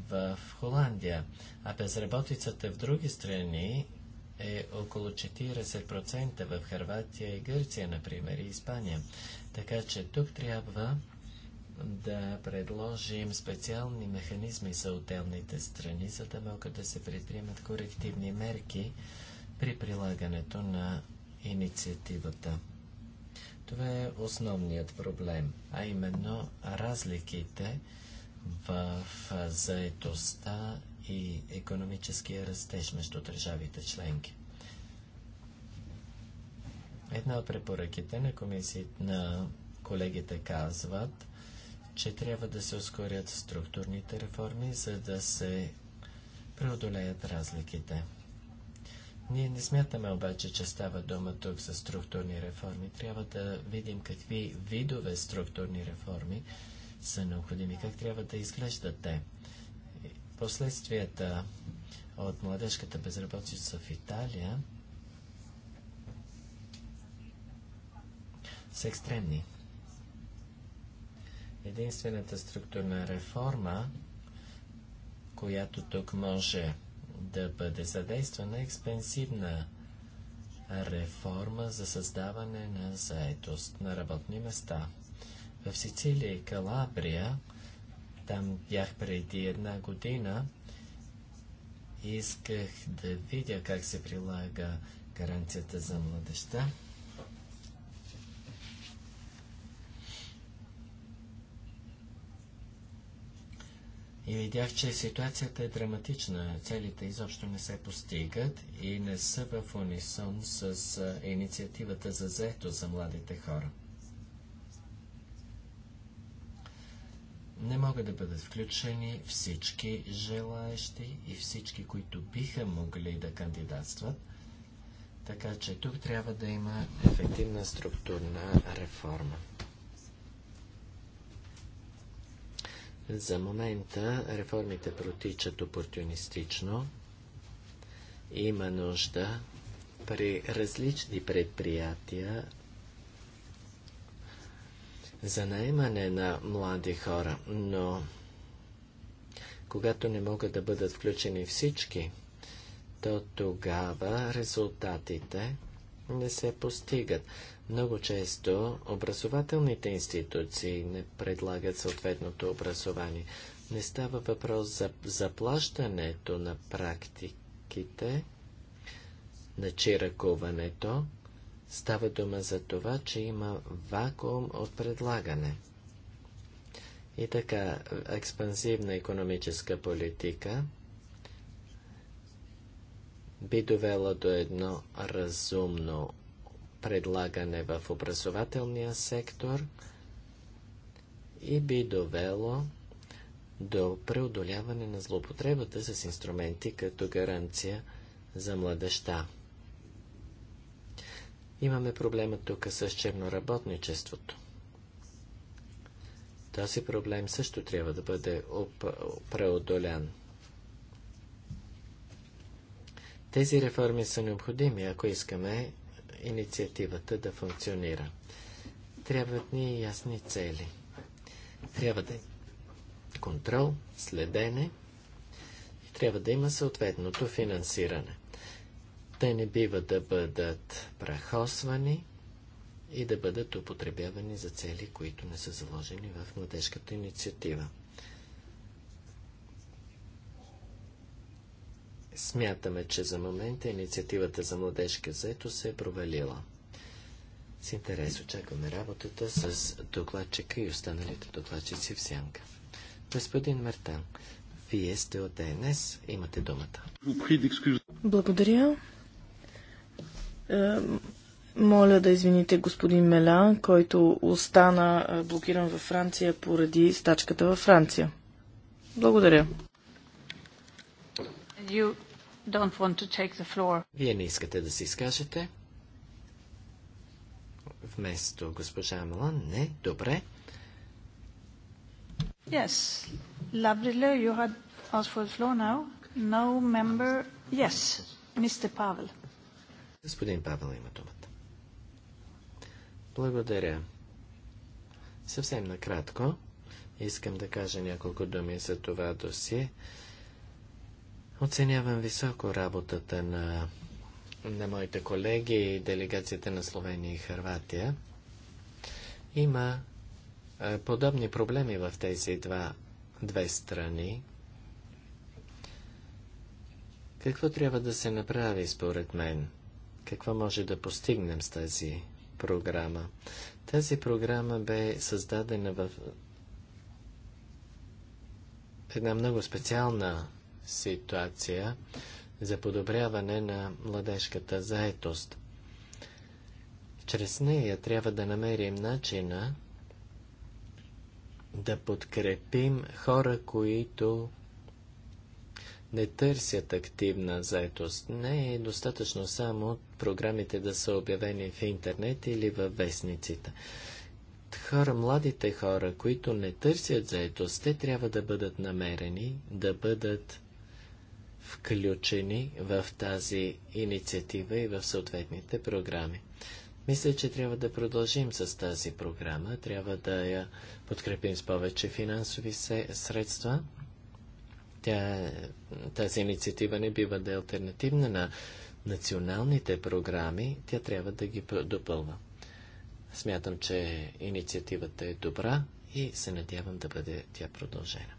в Холандия, а безработицата в други страни е около 40% в Харватия и Гърция, например, и Испания. Така че тук трябва да предложим специални механизми за отделните страни, за да могат да се предприемат корективни мерки при прилагането на инициативата. Това е основният проблем, а именно разликите в заетостта и економическия растеж между държавите членки. Една от препоръките на комисията на колегите казват, че трябва да се ускорят структурните реформи, за да се преодолеят разликите. Ние не смятаме обаче, че става дума тук за структурни реформи. Трябва да видим какви видове структурни реформи са необходими, как трябва да изглеждат те. Последствията от младежката безработица в Италия са екстремни. Единствената структурна реформа, която тук може да бъде задействана, е експенсивна реформа за създаване на заетост на работни места. В Сицилия и Калабрия там бях преди една година. Исках да видя как се прилага гаранцията за младеща. И видях, че ситуацията е драматична. Целите изобщо не се постигат и не са в унисон с инициативата за заето за младите хора. не могат да бъдат включени всички желаещи и всички, които биха могли да кандидатстват. Така че тук трябва да има ефективна структурна реформа. За момента реформите протичат опортунистично. Има нужда при различни предприятия за наемане на млади хора, но когато не могат да бъдат включени всички, то тогава резултатите не се постигат. Много често образователните институции не предлагат съответното образование. Не става въпрос за заплащането на практиките, на чиракуването, Става дума за това, че има вакуум от предлагане. И така, експанзивна економическа политика би довела до едно разумно предлагане в образователния сектор и би довело до преодоляване на злоупотребата с инструменти като гаранция за младеща. Имаме проблема тук с черноработничеството. Този проблем също трябва да бъде преодолян. Тези реформи са необходими, ако искаме инициативата да функционира. Трябват ни ясни цели. Трябва да е контрол, следене и трябва да има съответното финансиране. Те не бива да бъдат прахосвани и да бъдат употребявани за цели, които не са заложени в младежката инициатива. Смятаме, че за момента инициативата за младежка заето се е провалила. С интерес очакваме работата с докладчика и останалите докладчици в сянка. Господин Мартан, вие сте от ДНС, имате думата. Благодаря. Е, моля да извините господин Мелян, който остана е, блокиран във Франция поради стачката във Франция. Благодаря. Вие не искате да се изкажете? Вместо госпожа Мелан? Не, добре. Yes. Labrile, you had asked for the floor now. No member. Yes. Mr. Pavel. Господин Павел има думата. Благодаря. Съвсем накратко искам да кажа няколко думи за това досие. Оценявам високо работата на, на моите колеги и делегацията на Словения и Харватия. Има е, подобни проблеми в тези два, две страни. Какво трябва да се направи според мен? какво може да постигнем с тази програма. Тази програма бе създадена в една много специална ситуация за подобряване на младежката заетост. Чрез нея трябва да намерим начина да подкрепим хора, които не търсят активна заетост. Не е достатъчно само програмите да са обявени в интернет или във вестниците. Хора, младите хора, които не търсят заетост, те трябва да бъдат намерени, да бъдат включени в тази инициатива и в съответните програми. Мисля, че трябва да продължим с тази програма, трябва да я подкрепим с повече финансови средства. Тя, тази инициатива не бива да е альтернативна на националните програми, тя трябва да ги допълва. Смятам, че инициативата е добра и се надявам да бъде тя продължена.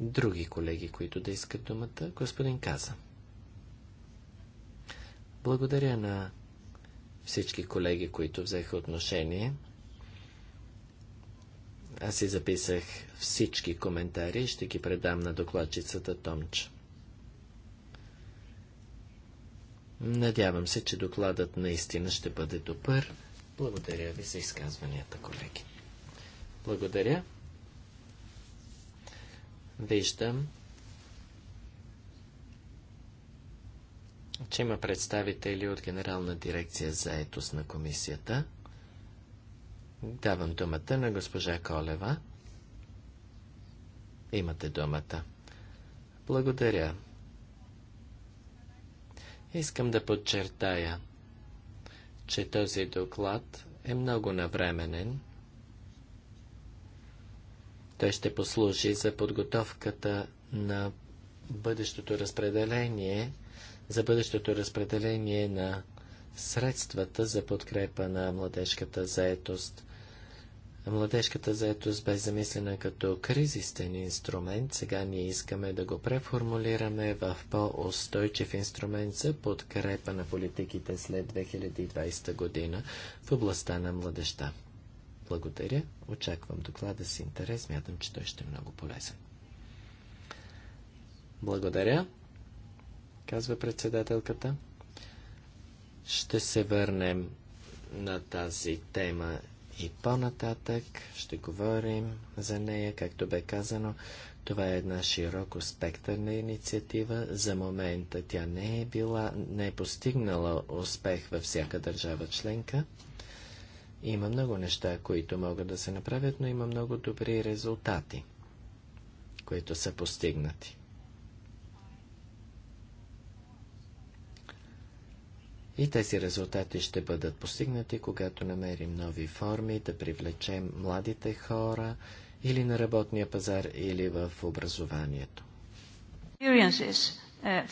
Други колеги, които да искат думата, господин Каза. Благодаря на всички колеги, които взеха отношение. Аз си записах всички коментари и ще ги предам на докладчицата Томч. Надявам се, че докладът наистина ще бъде добър. Благодаря ви за изказванията, колеги. Благодаря. Виждам, че има представители от Генерална дирекция за етос на комисията. Давам думата на госпожа Колева. Имате думата. Благодаря. Искам да подчертая, че този доклад е много навременен. Той ще послужи за подготовката на бъдещото разпределение, за бъдещото разпределение на средствата за подкрепа на младежката заетост. Младежката заетост бе замислена като кризистен инструмент. Сега ние искаме да го преформулираме в по-устойчив инструмент за подкрепа на политиките след 2020 година в областта на младеща. Благодаря. Очаквам доклада с интерес. Мятам, че той ще е много полезен. Благодаря, казва председателката. Ще се върнем на тази тема и по-нататък ще говорим за нея, както бе казано. Това е една широко спектърна инициатива. За момента тя не е била, не е постигнала успех във всяка държава членка. Има много неща, които могат да се направят, но има много добри резултати, които са постигнати. И тези резултати ще бъдат постигнати, когато намерим нови форми да привлечем младите хора или на работния пазар, или в образованието. Uh, uh,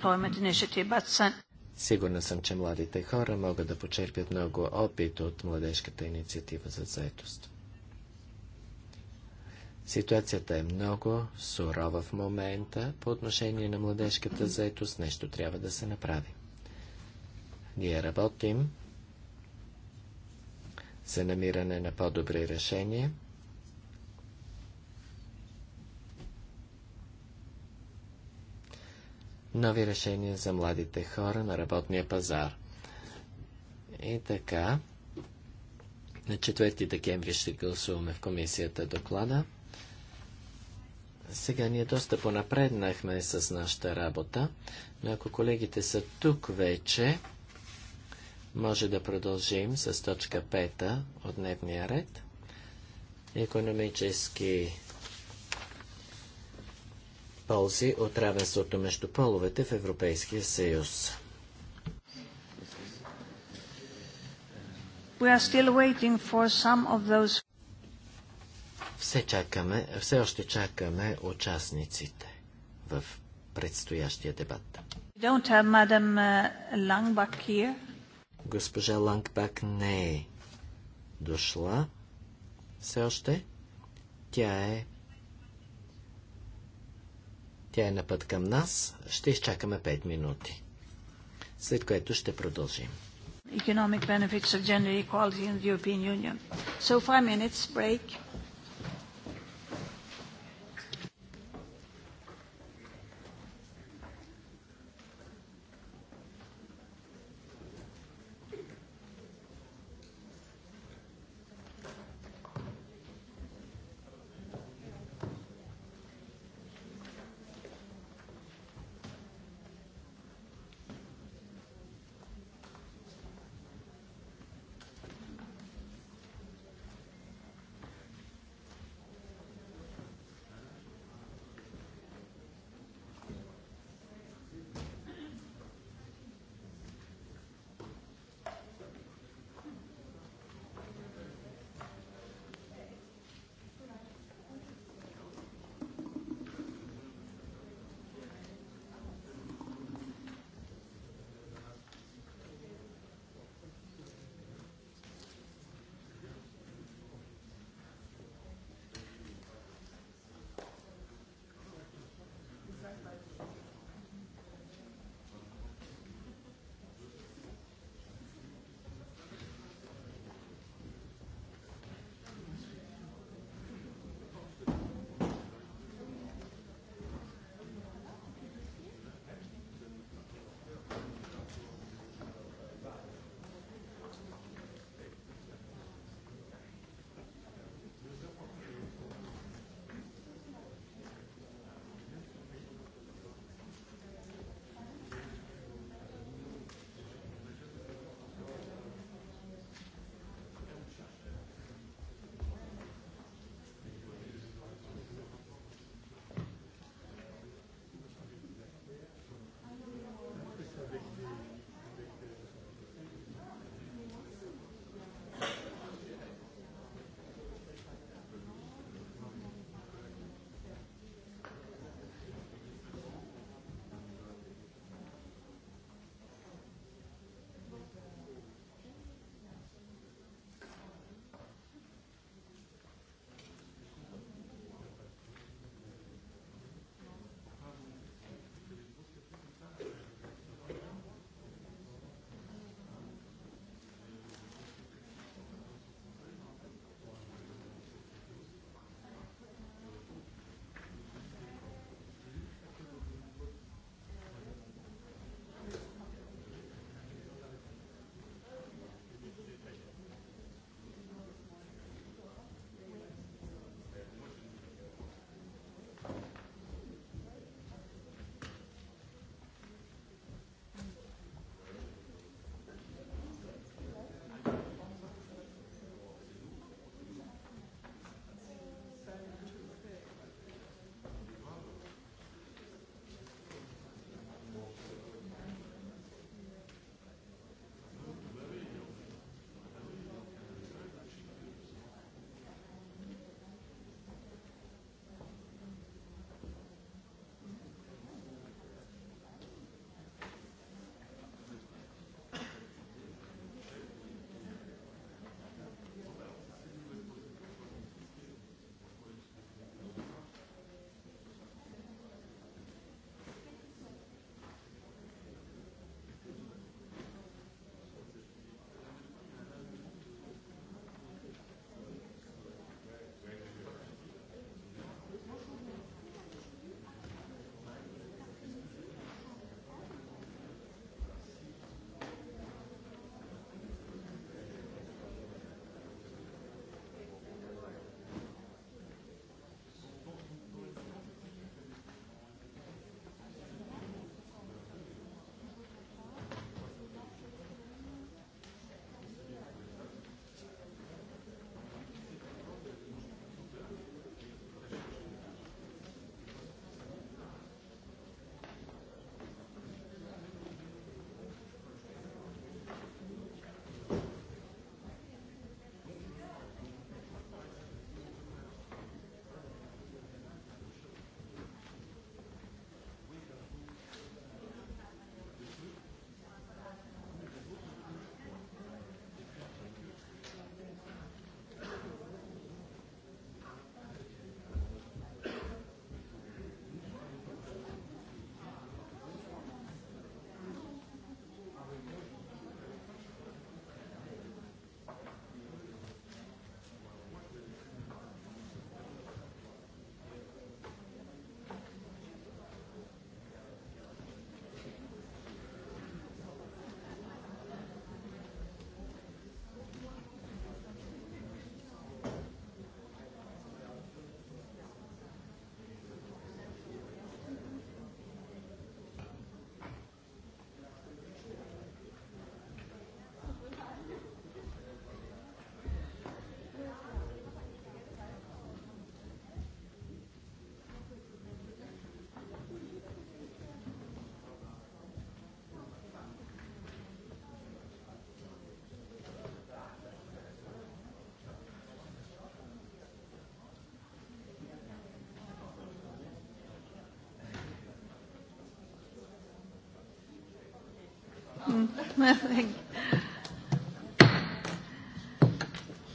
uh, Сигурна съм, че младите хора могат да почерпят много опит от младежката инициатива за заедост. Ситуацията е много сурова в момента по отношение на младежката заетост. Нещо трябва да се направи. Ние работим за намиране на по-добри решения. Нови решения за младите хора на работния пазар. И така, на 4 декември ще гласуваме в комисията доклада. Сега ние доста понапреднахме с нашата работа, но ако колегите са тук вече, може да продължим с точка 5 от дневния ред. Економически ползи от равенството между половете в Европейския съюз. We are still waiting for some of those все, чакаме, все още чакаме участниците в предстоящия дебат. Have, uh, Госпожа Лангбак не е дошла все още. Тя е тя е на път към нас. Ще изчакаме 5 минути, след което ще продължим. Economic benefits of gender equality in the European Union. So five minutes break.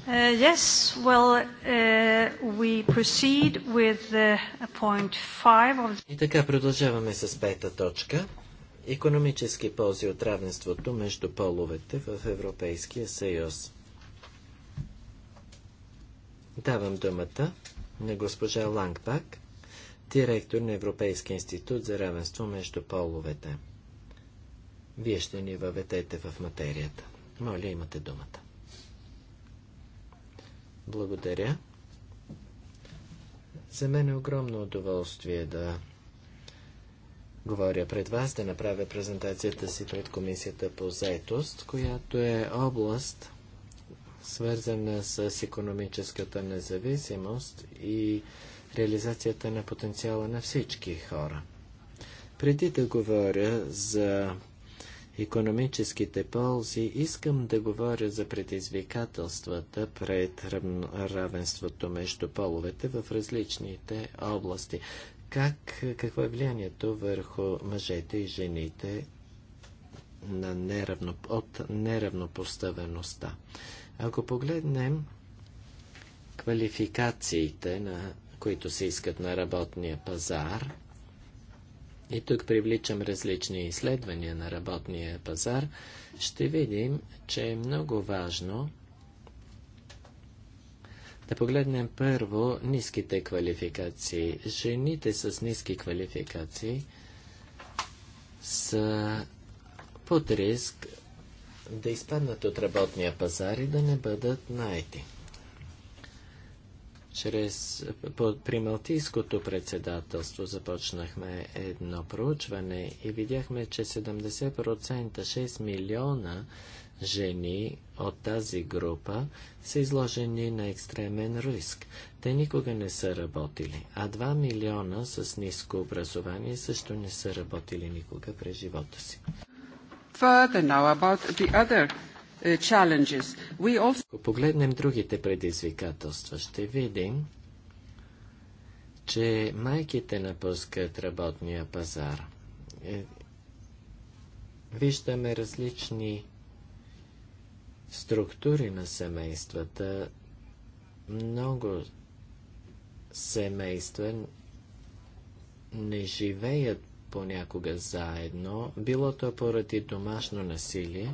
Uh, yes. Well, uh, we proceed with uh, point five of... И така продължаваме с пета точка. Икономически ползи от равенството между половете в Европейския съюз. Давам думата на госпожа Лангбак, директор на Европейския институт за равенство между половете. Вие ще ни въведете в материята. Моля, имате думата. Благодаря. За мен е огромно удоволствие да говоря пред вас, да направя презентацията си пред Комисията по заетост, която е област, свързана с економическата независимост и реализацията на потенциала на всички хора. Преди да говоря за економическите ползи, искам да говоря за предизвикателствата пред равенството между половете в различните области. Как, какво е влиянието върху мъжете и жените на неравно, от неравнопоставеността? Ако погледнем квалификациите, на които се искат на работния пазар, и тук привличам различни изследвания на работния пазар, ще видим, че е много важно да погледнем първо ниските квалификации. Жените с ниски квалификации са под риск да изпаднат от работния пазар и да не бъдат найти. Чрез, прималтийското при Малтийското председателство започнахме едно проучване и видяхме, че 70%, 6 милиона жени от тази група са изложени на екстремен риск. Те никога не са работили, а 2 милиона с ниско образование също не са работили никога през живота си. Further now about the other е, challenges. We also... Ако погледнем другите предизвикателства, ще видим, че майките напускат работния пазар. Е, виждаме различни структури на семействата. Много семейства не живеят понякога заедно, било то поради домашно насилие,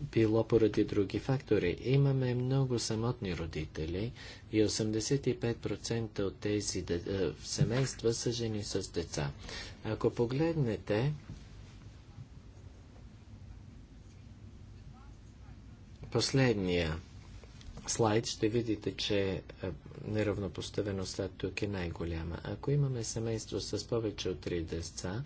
било поради други фактори. Имаме много самотни родители и 85% от тези де... Е, семейства са жени с деца. Ако погледнете последния слайд ще видите, че е, неравнопоставеността тук е най-голяма. Ако имаме семейство с повече от 3 деца,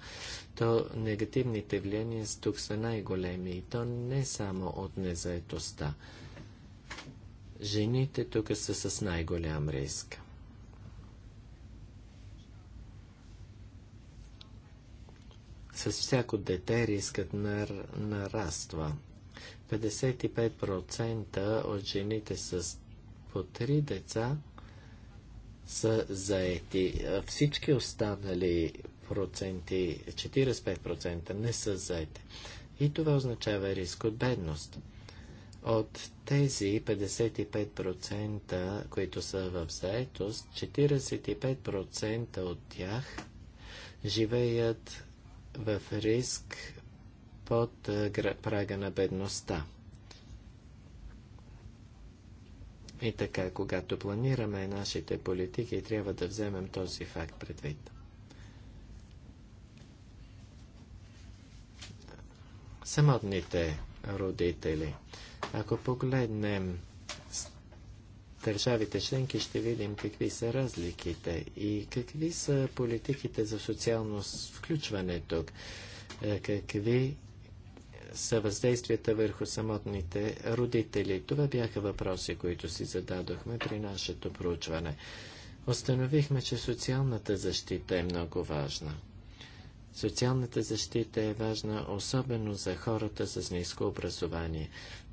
то негативните влияния тук са най-големи и то не само от незаетостта. Жените тук са с най-голям риск. С всяко дете рискът нар... нараства. 55% от жените с по три деца са заети. Всички останали проценти, 45% не са заети. И това означава риск от бедност. От тези 55%, които са в заетост, 45% от тях живеят в риск под прага на бедността. И така, когато планираме нашите политики, трябва да вземем този факт предвид. Самотните родители. Ако погледнем държавите членки, ще видим какви са разликите и какви са политиките за социално включване тук. Е, какви са въздействията върху самотните родители? Това бяха въпроси, които си зададохме при нашето проучване. Установихме, че социалната защита е много важна. Социалната защита е важна особено за хората с ниско образование.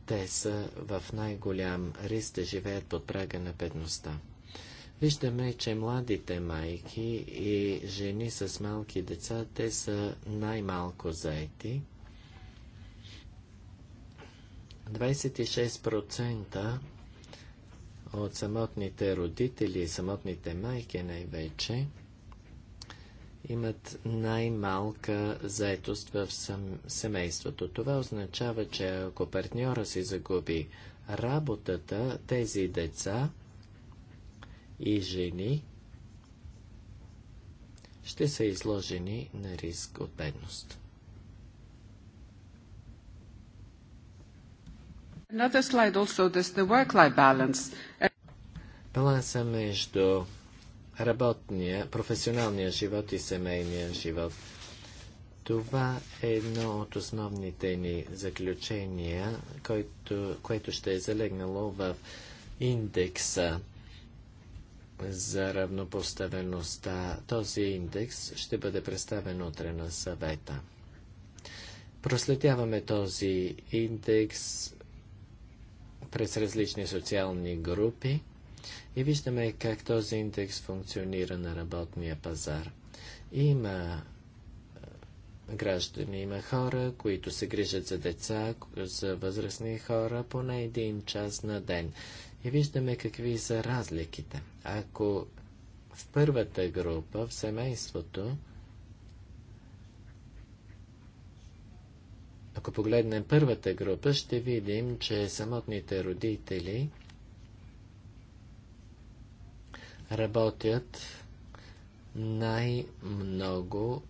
Те са в най-голям риск да живеят под прага на бедността. Виждаме, че младите майки и жени с малки деца, те са най-малко заети 26% от самотните родители и самотните майки най-вече имат най-малка заетост в семейството. Това означава, че ако партньора си загуби работата, тези деца и жени ще са изложени на риск от бедност. Баланса между работния, професионалния живот и семейния живот. Това е едно от основните ни заключения, което, което ще е залегнало в индекса за равнопоставеността. Този индекс ще бъде представен утре на съвета. Проследяваме този индекс през различни социални групи и виждаме как този индекс функционира на работния пазар. Има е, граждани, има хора, които се грижат за деца, за възрастни хора поне един час на ден. И виждаме какви са разликите. Ако в първата група, в семейството, Ако погледнем първата група, ще видим, че самотните родители работят най-много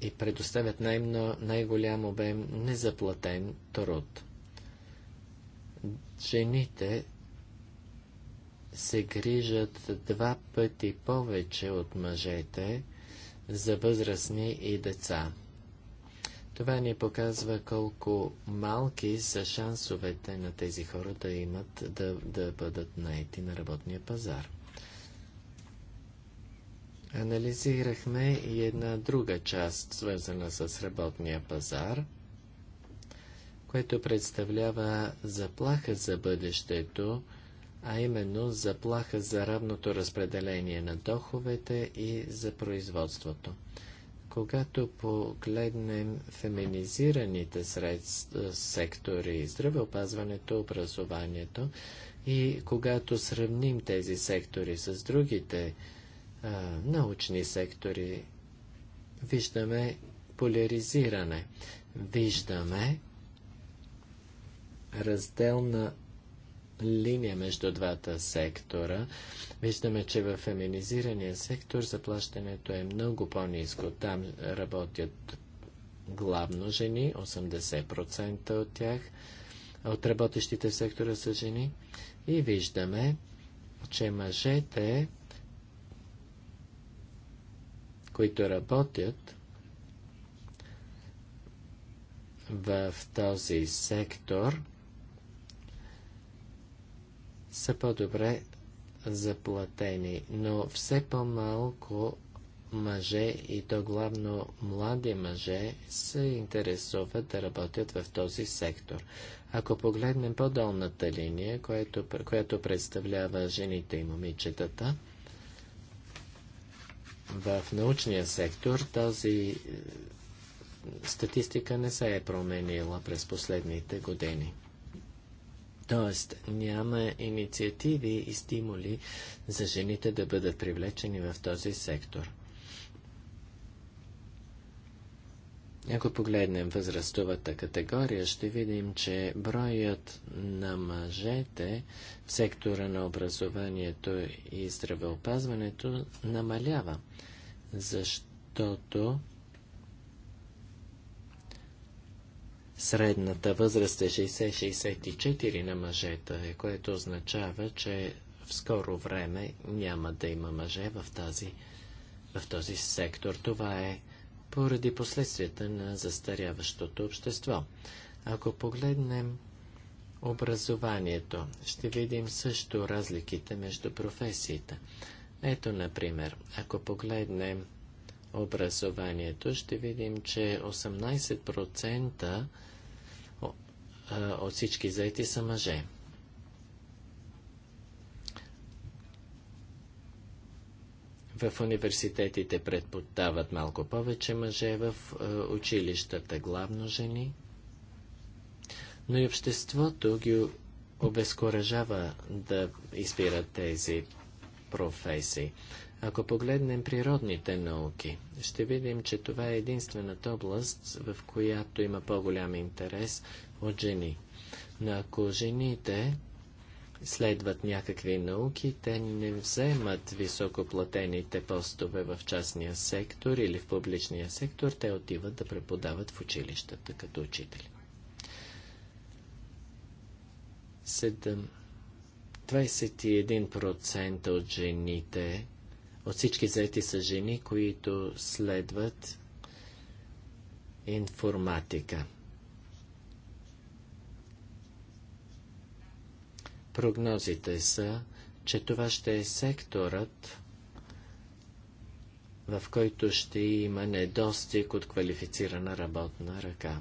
и предоставят най-голям най обем незаплатен труд. Жените се грижат два пъти повече от мъжете за възрастни и деца. Това ни показва колко малки са шансовете на тези хора да имат, да, да бъдат наети на работния пазар. Анализирахме и една друга част, свързана с работния пазар, което представлява заплаха за бъдещето, а именно заплаха за равното разпределение на доховете и за производството когато погледнем феминизираните сред е, сектори, здравеопазването, образованието и когато сравним тези сектори с другите а, е, научни сектори, виждаме поляризиране. Виждаме разделна линия между двата сектора. Виждаме, че в феминизирания сектор заплащането е много по-низко. Там работят главно жени, 80% от тях, от работещите в сектора са жени. И виждаме, че мъжете, които работят в този сектор, са по-добре заплатени, но все по-малко мъже и то главно млади мъже се интересуват да работят в този сектор. Ако погледнем по-долната линия, която, която представлява жените и момичетата, в научния сектор тази е, статистика не се е променила през последните години. Тоест, няма инициативи и стимули за жените да бъдат привлечени в този сектор. Ако погледнем възрастовата категория, ще видим, че броят на мъжете в сектора на образованието и здравеопазването намалява, защото Средната възраст е 60-64 на мъжета, което означава, че в скоро време няма да има мъже в, тази, в този сектор. Това е поради последствията на застаряващото общество. Ако погледнем образованието, ще видим също разликите между професиите. Ето, например, ако погледнем образованието, ще видим, че 18% от всички заети са мъже. В университетите предподават малко повече мъже, в училищата главно жени, но и обществото ги обезкуражава да избират тези професии. Ако погледнем природните науки, ще видим, че това е единствената област, в която има по-голям интерес от жени. Но ако жените следват някакви науки, те не вземат високоплатените постове в частния сектор или в публичния сектор, те отиват да преподават в училищата като учители. 7... 21% от жените от всички заети са жени, които следват информатика. Прогнозите са, че това ще е секторът, в който ще има недостиг от квалифицирана работна ръка.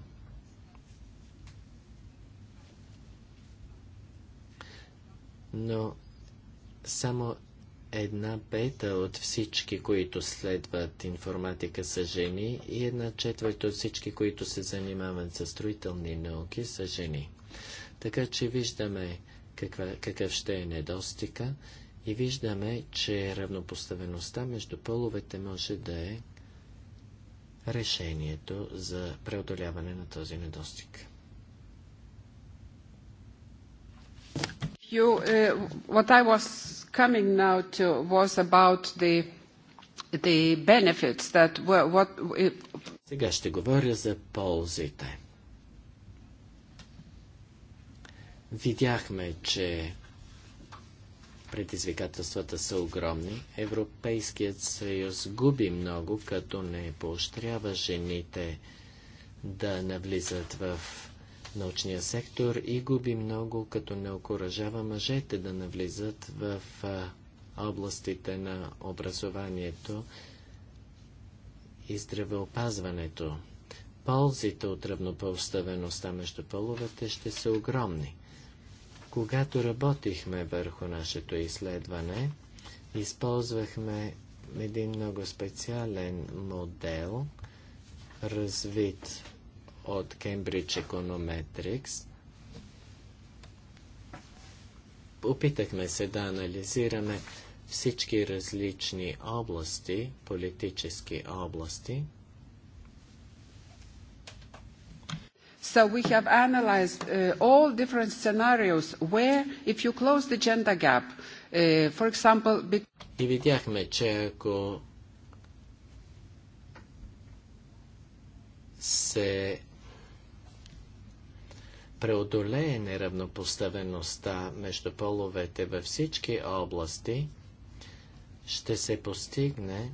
Но само една пета от всички, които следват информатика са жени и една четвърта от всички, които се занимават с строителни науки са жени. Така че виждаме каква, какъв ще е недостига и виждаме, че равнопоставеността между половете може да е решението за преодоляване на този недостиг. You, uh, what I was coming now to was about the, the benefits that were what... Сега ще говоря за ползите. Видяхме, че предизвикателствата са огромни. Европейският съюз губи много, като не поощрява жените да навлизат в научния сектор и губи много, като не окоръжава мъжете да навлизат в областите на образованието и здравеопазването. Ползите от равнопоставеността между половете ще са огромни. Когато работихме върху нашето изследване, използвахме един много специален модел, развит от Cambridge Econometrics. Опитахме се да анализираме всички различни области, политически области. So we have analyzed uh, all different scenarios where, if you close the gender gap, uh, for example... И видяхме, че ако се преодолее неравнопоставеността между половете във всички области, ще се постигне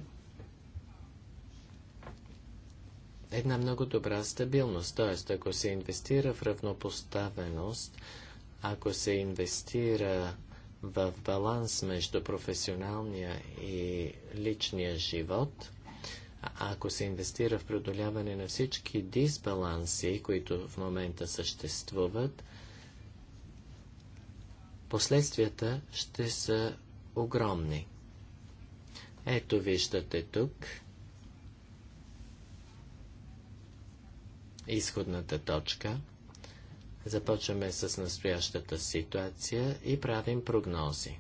една много добра стабилност. Т.е. ако се инвестира в равнопоставеност, ако се инвестира в баланс между професионалния и личния живот – ако се инвестира в преодоляване на всички дисбаланси, които в момента съществуват, последствията ще са огромни. Ето виждате тук изходната точка. Започваме с настоящата ситуация и правим прогнози.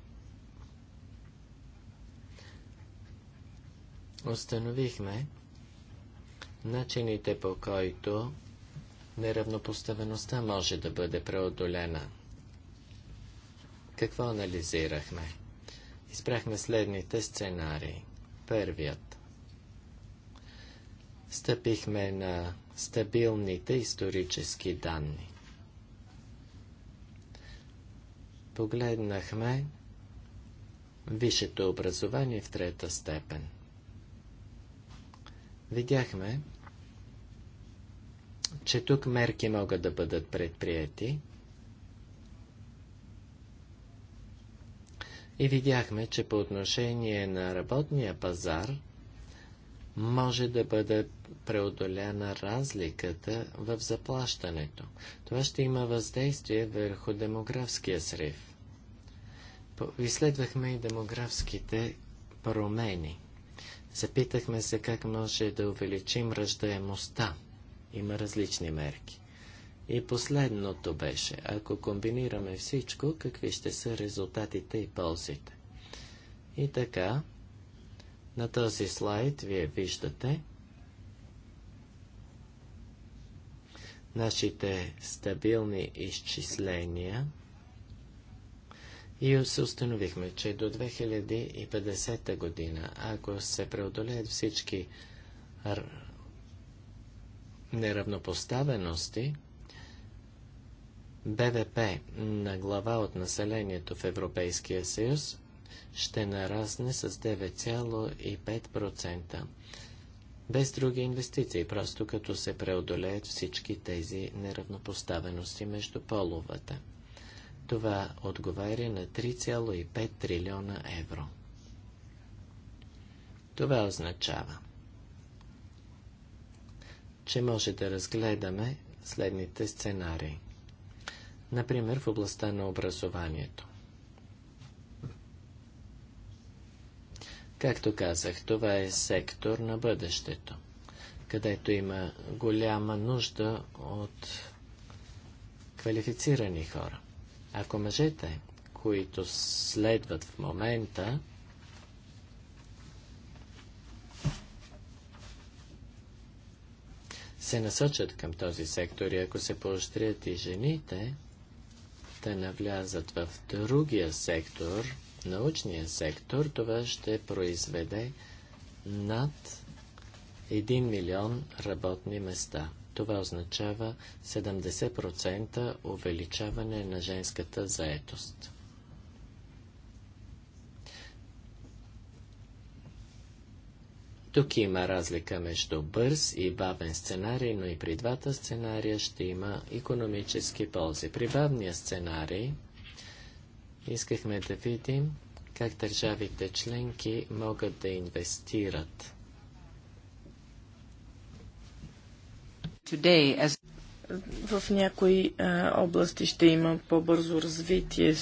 установихме начините по който неравнопоставеността може да бъде преодолена. Какво анализирахме? Избрахме следните сценарии. Първият. Стъпихме на стабилните исторически данни. Погледнахме висшето образование в трета степен видяхме, че тук мерки могат да бъдат предприяти. И видяхме, че по отношение на работния пазар може да бъде преодоляна разликата в заплащането. Това ще има въздействие върху демографския срив. Изследвахме и демографските промени. Запитахме се как може да увеличим ръждаемостта. Има различни мерки. И последното беше, ако комбинираме всичко, какви ще са резултатите и ползите. И така, на този слайд вие виждате нашите стабилни изчисления – и се установихме, че до 2050 година, ако се преодолеят всички неравнопоставености, БВП на глава от населението в Европейския съюз ще нарасне с 9,5%. Без други инвестиции, просто като се преодолеят всички тези неравнопоставености между половата. Това отговаря на 3,5 трилиона евро. Това означава, че може да разгледаме следните сценарии. Например, в областта на образованието. Както казах, това е сектор на бъдещето, където има голяма нужда от квалифицирани хора. Ако мъжете, които следват в момента, се насочат към този сектор и ако се поощрят и жените, те навлязат в другия сектор, научния сектор, това ще произведе над 1 милион работни места. Това означава 70% увеличаване на женската заетост. Тук има разлика между бърз и бавен сценарий, но и при двата сценария ще има економически ползи. При бавния сценарий искахме да видим как държавите членки могат да инвестират В някои а, области ще има по-бързо развитие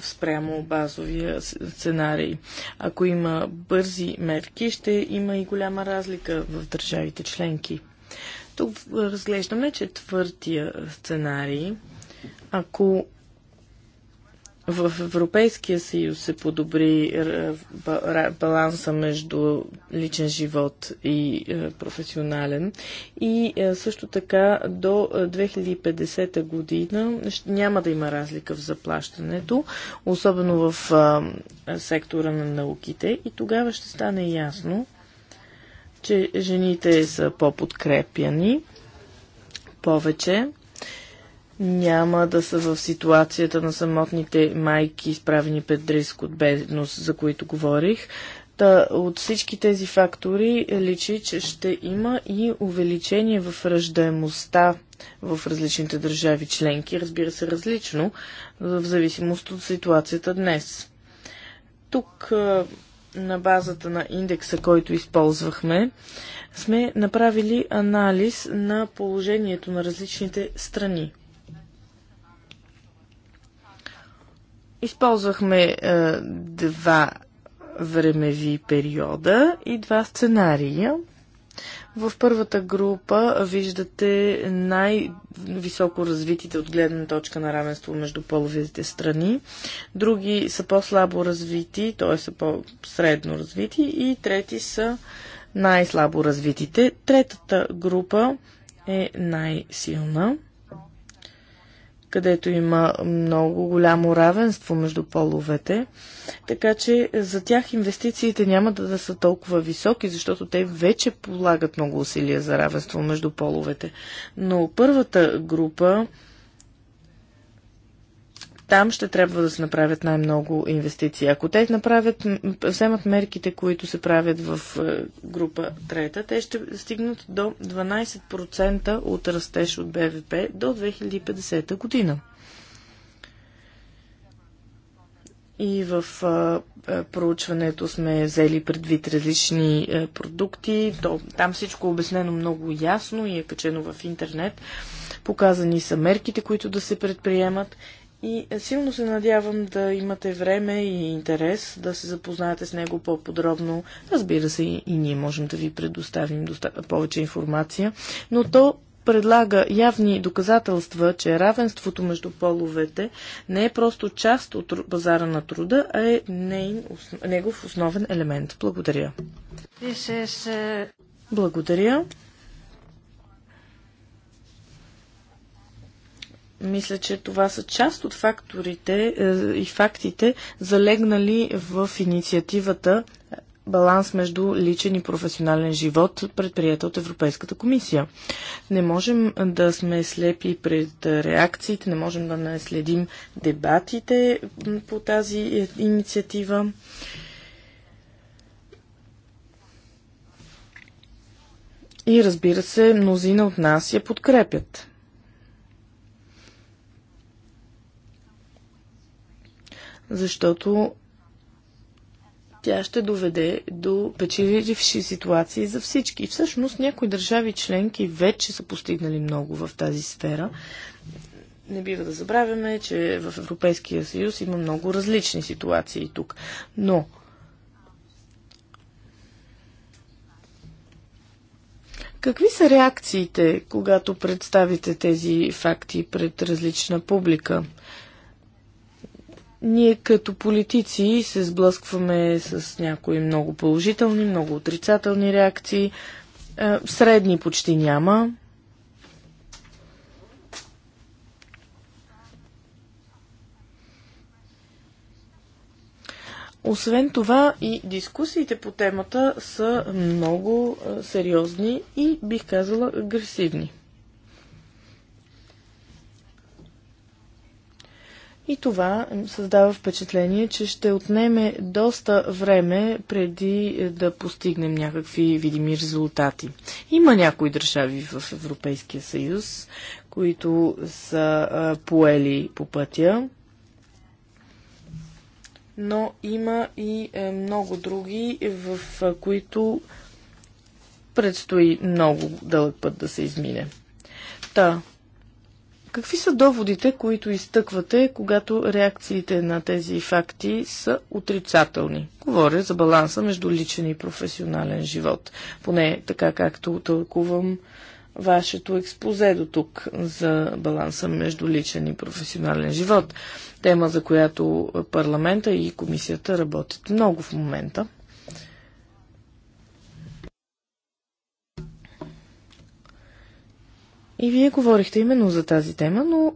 спрямо базовия сценарий. Ако има бързи мерки, ще има и голяма разлика в държавите членки. Тук разглеждаме четвъртия сценарий. Ако в Европейския съюз се подобри е, баланса между личен живот и е, професионален. И е, също така до 2050 година няма да има разлика в заплащането, особено в сектора на науките. И тогава ще стане ясно, че жените са по-подкрепяни повече няма да са в ситуацията на самотните майки, изправени пред риск от бедност, за които говорих. Та, от всички тези фактори е, личи, че ще има и увеличение в ръждаемостта в различните държави членки, разбира се различно, в зависимост от ситуацията днес. Тук е, на базата на индекса, който използвахме, сме направили анализ на положението на различните страни. Използвахме а, е, два времеви периода и два сценария. В първата група виждате най-високо развитите от гледна точка на равенство между половите страни. Други са по-слабо развити, т.е. са по-средно развити и трети са най-слабо развитите. Третата група е най-силна където има много голямо равенство между половете, така че за тях инвестициите няма да, да са толкова високи, защото те вече полагат много усилия за равенство между половете. Но първата група там ще трябва да се направят най-много инвестиции. Ако те направят, вземат мерките, които се правят в е, група трета, те ще стигнат до 12% от растеж от БВП до 2050 година. И в а, е, е, проучването сме взели предвид различни а, продукти. То, там всичко е обяснено много ясно и е качено в интернет. Показани са мерките, които да се предприемат и силно се надявам да имате време и интерес да се запознаете с него по-подробно. Разбира се, и ние можем да ви предоставим повече информация, но то предлага явни доказателства, че равенството между половете не е просто част от пазара на труда, а е негов основен елемент. Благодаря. Is... Uh, Благодаря. Мисля, че това са част от факторите е, и фактите, залегнали в инициативата е, баланс между личен и професионален живот, предприята от Европейската комисия. Не можем да сме слепи пред реакциите, не можем да не следим дебатите по тази е, инициатива. И разбира се, мнозина от нас я подкрепят. защото тя ще доведе до печеливши ситуации за всички. И всъщност някои държави членки вече са постигнали много в тази сфера. Не бива да забравяме, че в Европейския съюз има много различни ситуации тук. Но Какви са реакциите, когато представите тези факти пред различна публика? Ние като политици се сблъскваме с някои много положителни, много отрицателни реакции. Е, средни почти няма. Освен това и дискусиите по темата са много е, сериозни и бих казала агресивни. И това създава впечатление, че ще отнеме доста време преди е, да постигнем някакви видими резултати. Има някои държави в Европейския съюз, които са поели по пътя, но има и е, много други, е, в които предстои много дълъг път да се измине. Та, Какви са доводите, които изтъквате, когато реакциите на тези факти са отрицателни? Говоря за баланса между личен и професионален живот. Поне така както тълкувам вашето експозе до тук за баланса между личен и професионален живот. Тема, за която парламента и комисията работят много в момента. И вие говорихте именно за тази тема, но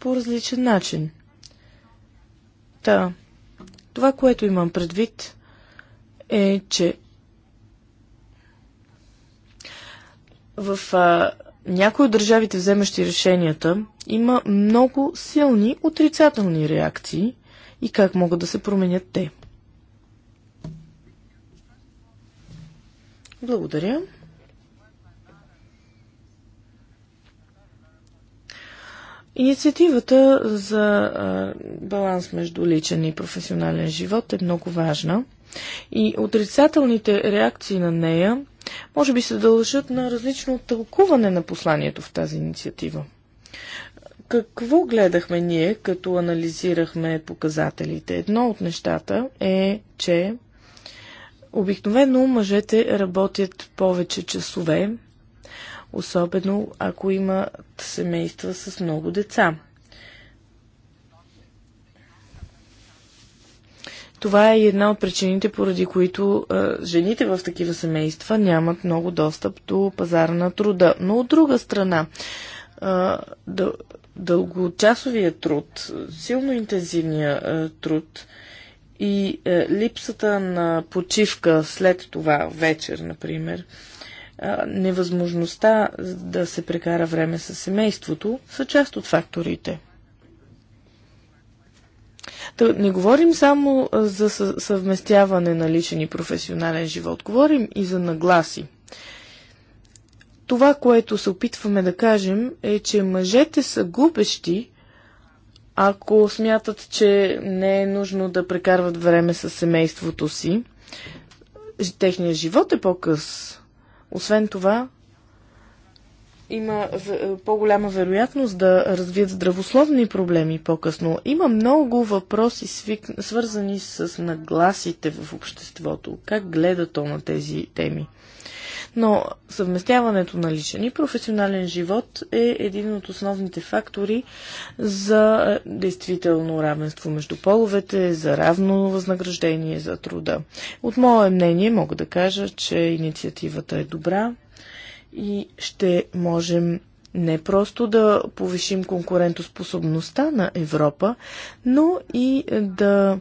по различен начин. Та, това, което имам предвид, е, че в а, някои от държавите, вземащи решенията, има много силни отрицателни реакции и как могат да се променят те. Благодаря. Инициативата за баланс между личен и професионален живот е много важна и отрицателните реакции на нея може би се дължат на различно тълкуване на посланието в тази инициатива. Какво гледахме ние, като анализирахме показателите? Едно от нещата е, че обикновено мъжете работят повече часове особено ако имат семейства с много деца. Това е една от причините, поради които е, жените в такива семейства нямат много достъп до пазара на труда. Но от друга страна, е, дъл, дългочасовия труд, силно интензивния е, труд и е, липсата на почивка след това вечер, например, е, невъзможността да се прекара време с семейството са част от факторите. Та не говорим само за съвместяване на личен и професионален живот, говорим и за нагласи. Това, което се опитваме да кажем, е, че мъжете са губещи, ако смятат, че не е нужно да прекарват време с семейството си. Техният живот е по-къс освен това, има по-голяма вероятност да развият здравословни проблеми по-късно. Има много въпроси, свик... свързани с нагласите в обществото. Как гледа то на тези теми? Но съвместяването на личен и професионален живот е един от основните фактори за е, действително равенство между половете, за равно възнаграждение за труда. От мое мнение мога да кажа, че инициативата е добра и ще можем не просто да повишим конкурентоспособността на Европа, но и да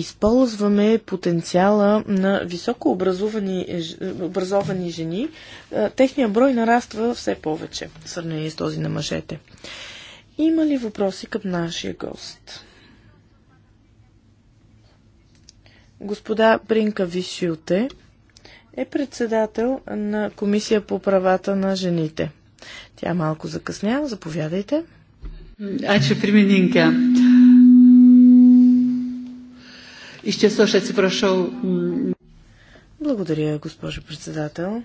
използваме потенциала на високо образовани, е, е, образовани жени, е, техният брой нараства все повече в сравнение с този на мъжете. Има ли въпроси към нашия гост? Господа Бринка Вишилте е председател на Комисия по правата на жените. Тя малко закъснява. Заповядайте. Аче, премининка. Iš ще си прошъл. Благодаря, госпожо председател.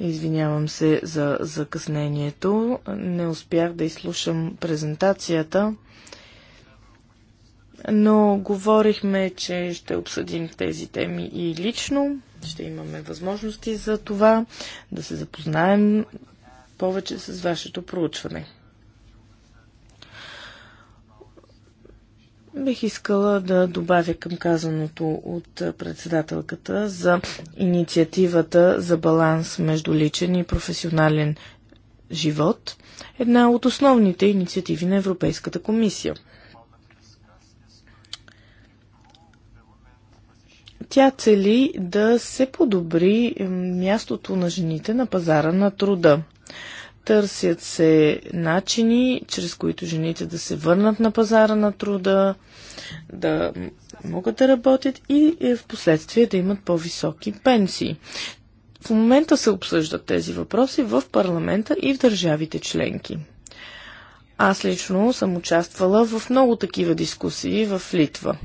Извинявам се за закъснението. Не успях да изслушам презентацията, но говорихме, че ще обсъдим тези теми и лично. Ще имаме възможности за това да се запознаем повече с вашето проучване. Бих искала да добавя към казаното от председателката за инициативата за баланс между личен и професионален живот, една от основните инициативи на Европейската комисия. Тя цели да се подобри мястото на жените на пазара на труда. Търсят се начини, чрез които жените да се върнат на пазара на труда, да могат да работят и е, в последствие да имат по-високи пенсии. В момента се обсъждат тези въпроси в парламента и в държавите членки. Аз лично съм участвала в много такива дискусии в Литва.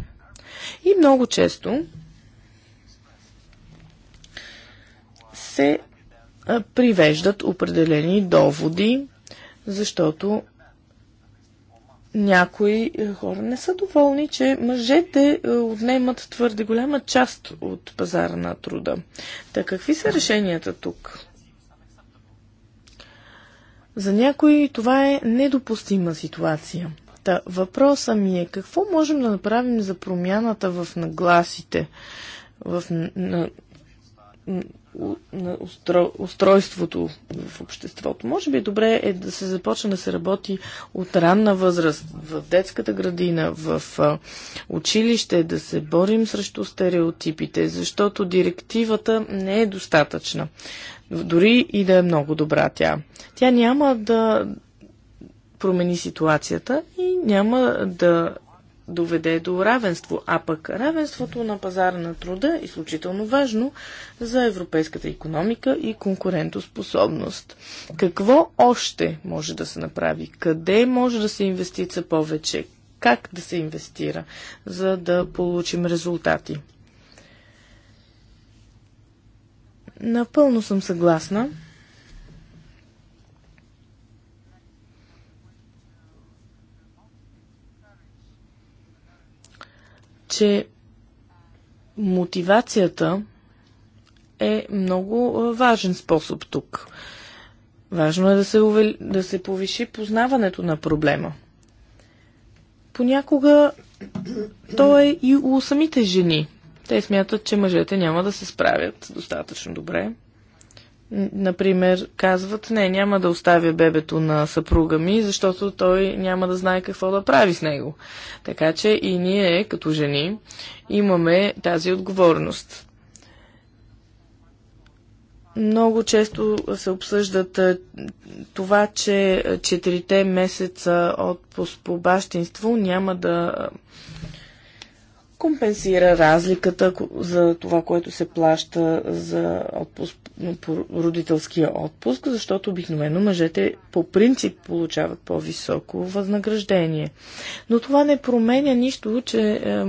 И много често се привеждат определени доводи, защото някои е, хора не са доволни, че мъжете е, отнемат твърде голяма част от пазара на труда. Та какви са решенията тук? За някои това е недопустима ситуация. Та въпроса ми е какво можем да направим за промяната в нагласите, в на, на устро, устройството в обществото. Може би е добре е да се започне да се работи от ранна възраст в детската градина, в училище, да се борим срещу стереотипите, защото директивата не е достатъчна. Дори и да е много добра тя. Тя няма да промени ситуацията и няма да доведе до равенство, а пък равенството на пазара на труда е изключително важно за европейската економика и конкурентоспособност. Какво още може да се направи? Къде може да се инвестица повече? Как да се инвестира, за да получим резултати? Напълно съм съгласна че мотивацията е много важен способ тук. Важно е да се, увели, да се повиши познаването на проблема. Понякога то е и у самите жени. Те смятат, че мъжете няма да се справят достатъчно добре. Например, казват, не, няма да оставя бебето на съпруга ми, защото той няма да знае какво да прави с него. Така че и ние, като жени, имаме тази отговорност. Много често се обсъждат е, това, че четирите месеца от по бащинство няма да компенсира разликата за това, което се плаща за отпуск, родителския отпуск, защото обикновено мъжете по принцип получават по-високо възнаграждение. Но това не променя нищо, че е,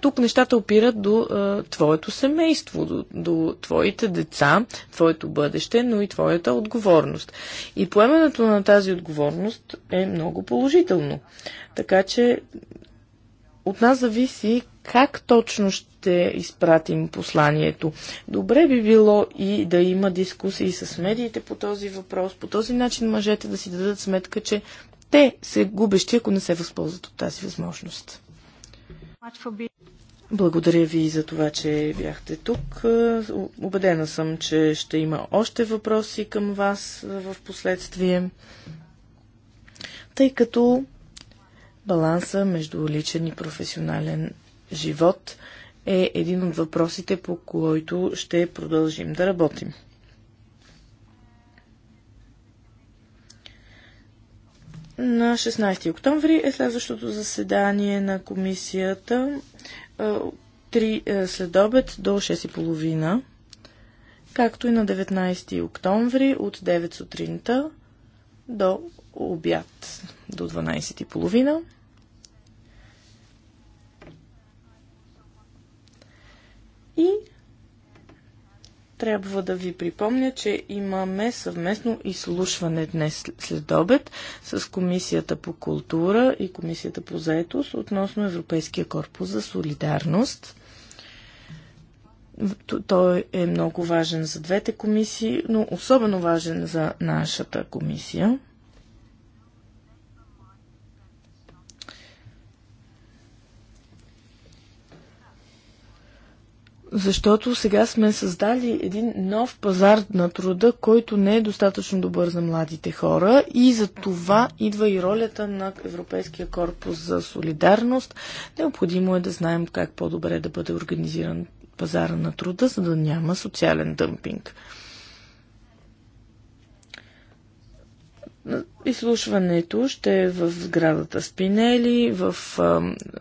тук нещата опират до е, твоето семейство, до, до твоите деца, твоето бъдеще, но и твоята отговорност. И поемането на тази отговорност е много положително. Така че от нас зависи как точно ще изпратим посланието. Добре би било и да има дискусии с медиите по този въпрос. По този начин мъжете да си дадат сметка, че те са губещи, ако не се възползват от тази възможност. Благодаря ви за това, че бяхте тук. Обедена съм, че ще има още въпроси към вас в последствие, тъй като Баланса между личен и професионален живот е един от въпросите, по който ще продължим да работим. На 16 октомври е следващото заседание на комисията. 3 след обед до 6.30, както и на 19 октомври от 9 сутринта до обяд до 12.30. И трябва да ви припомня, че имаме съвместно изслушване днес след обед с Комисията по култура и Комисията по заетост относно Европейския корпус за солидарност. Той е много важен за двете комисии, но особено важен за нашата комисия. Защото сега сме създали един нов пазар на труда, който не е достатъчно добър за младите хора и за това идва и ролята на Европейския корпус за солидарност. Необходимо е да знаем как по-добре да бъде организиран пазара на труда, за да няма социален дъмпинг. Изслушването ще е в сградата Спинели, в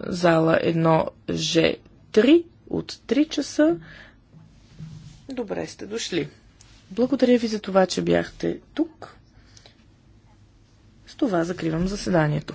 зала 1Ж3 от 3 часа. Добре сте дошли. Благодаря ви за това, че бяхте тук. С това закривам заседанието.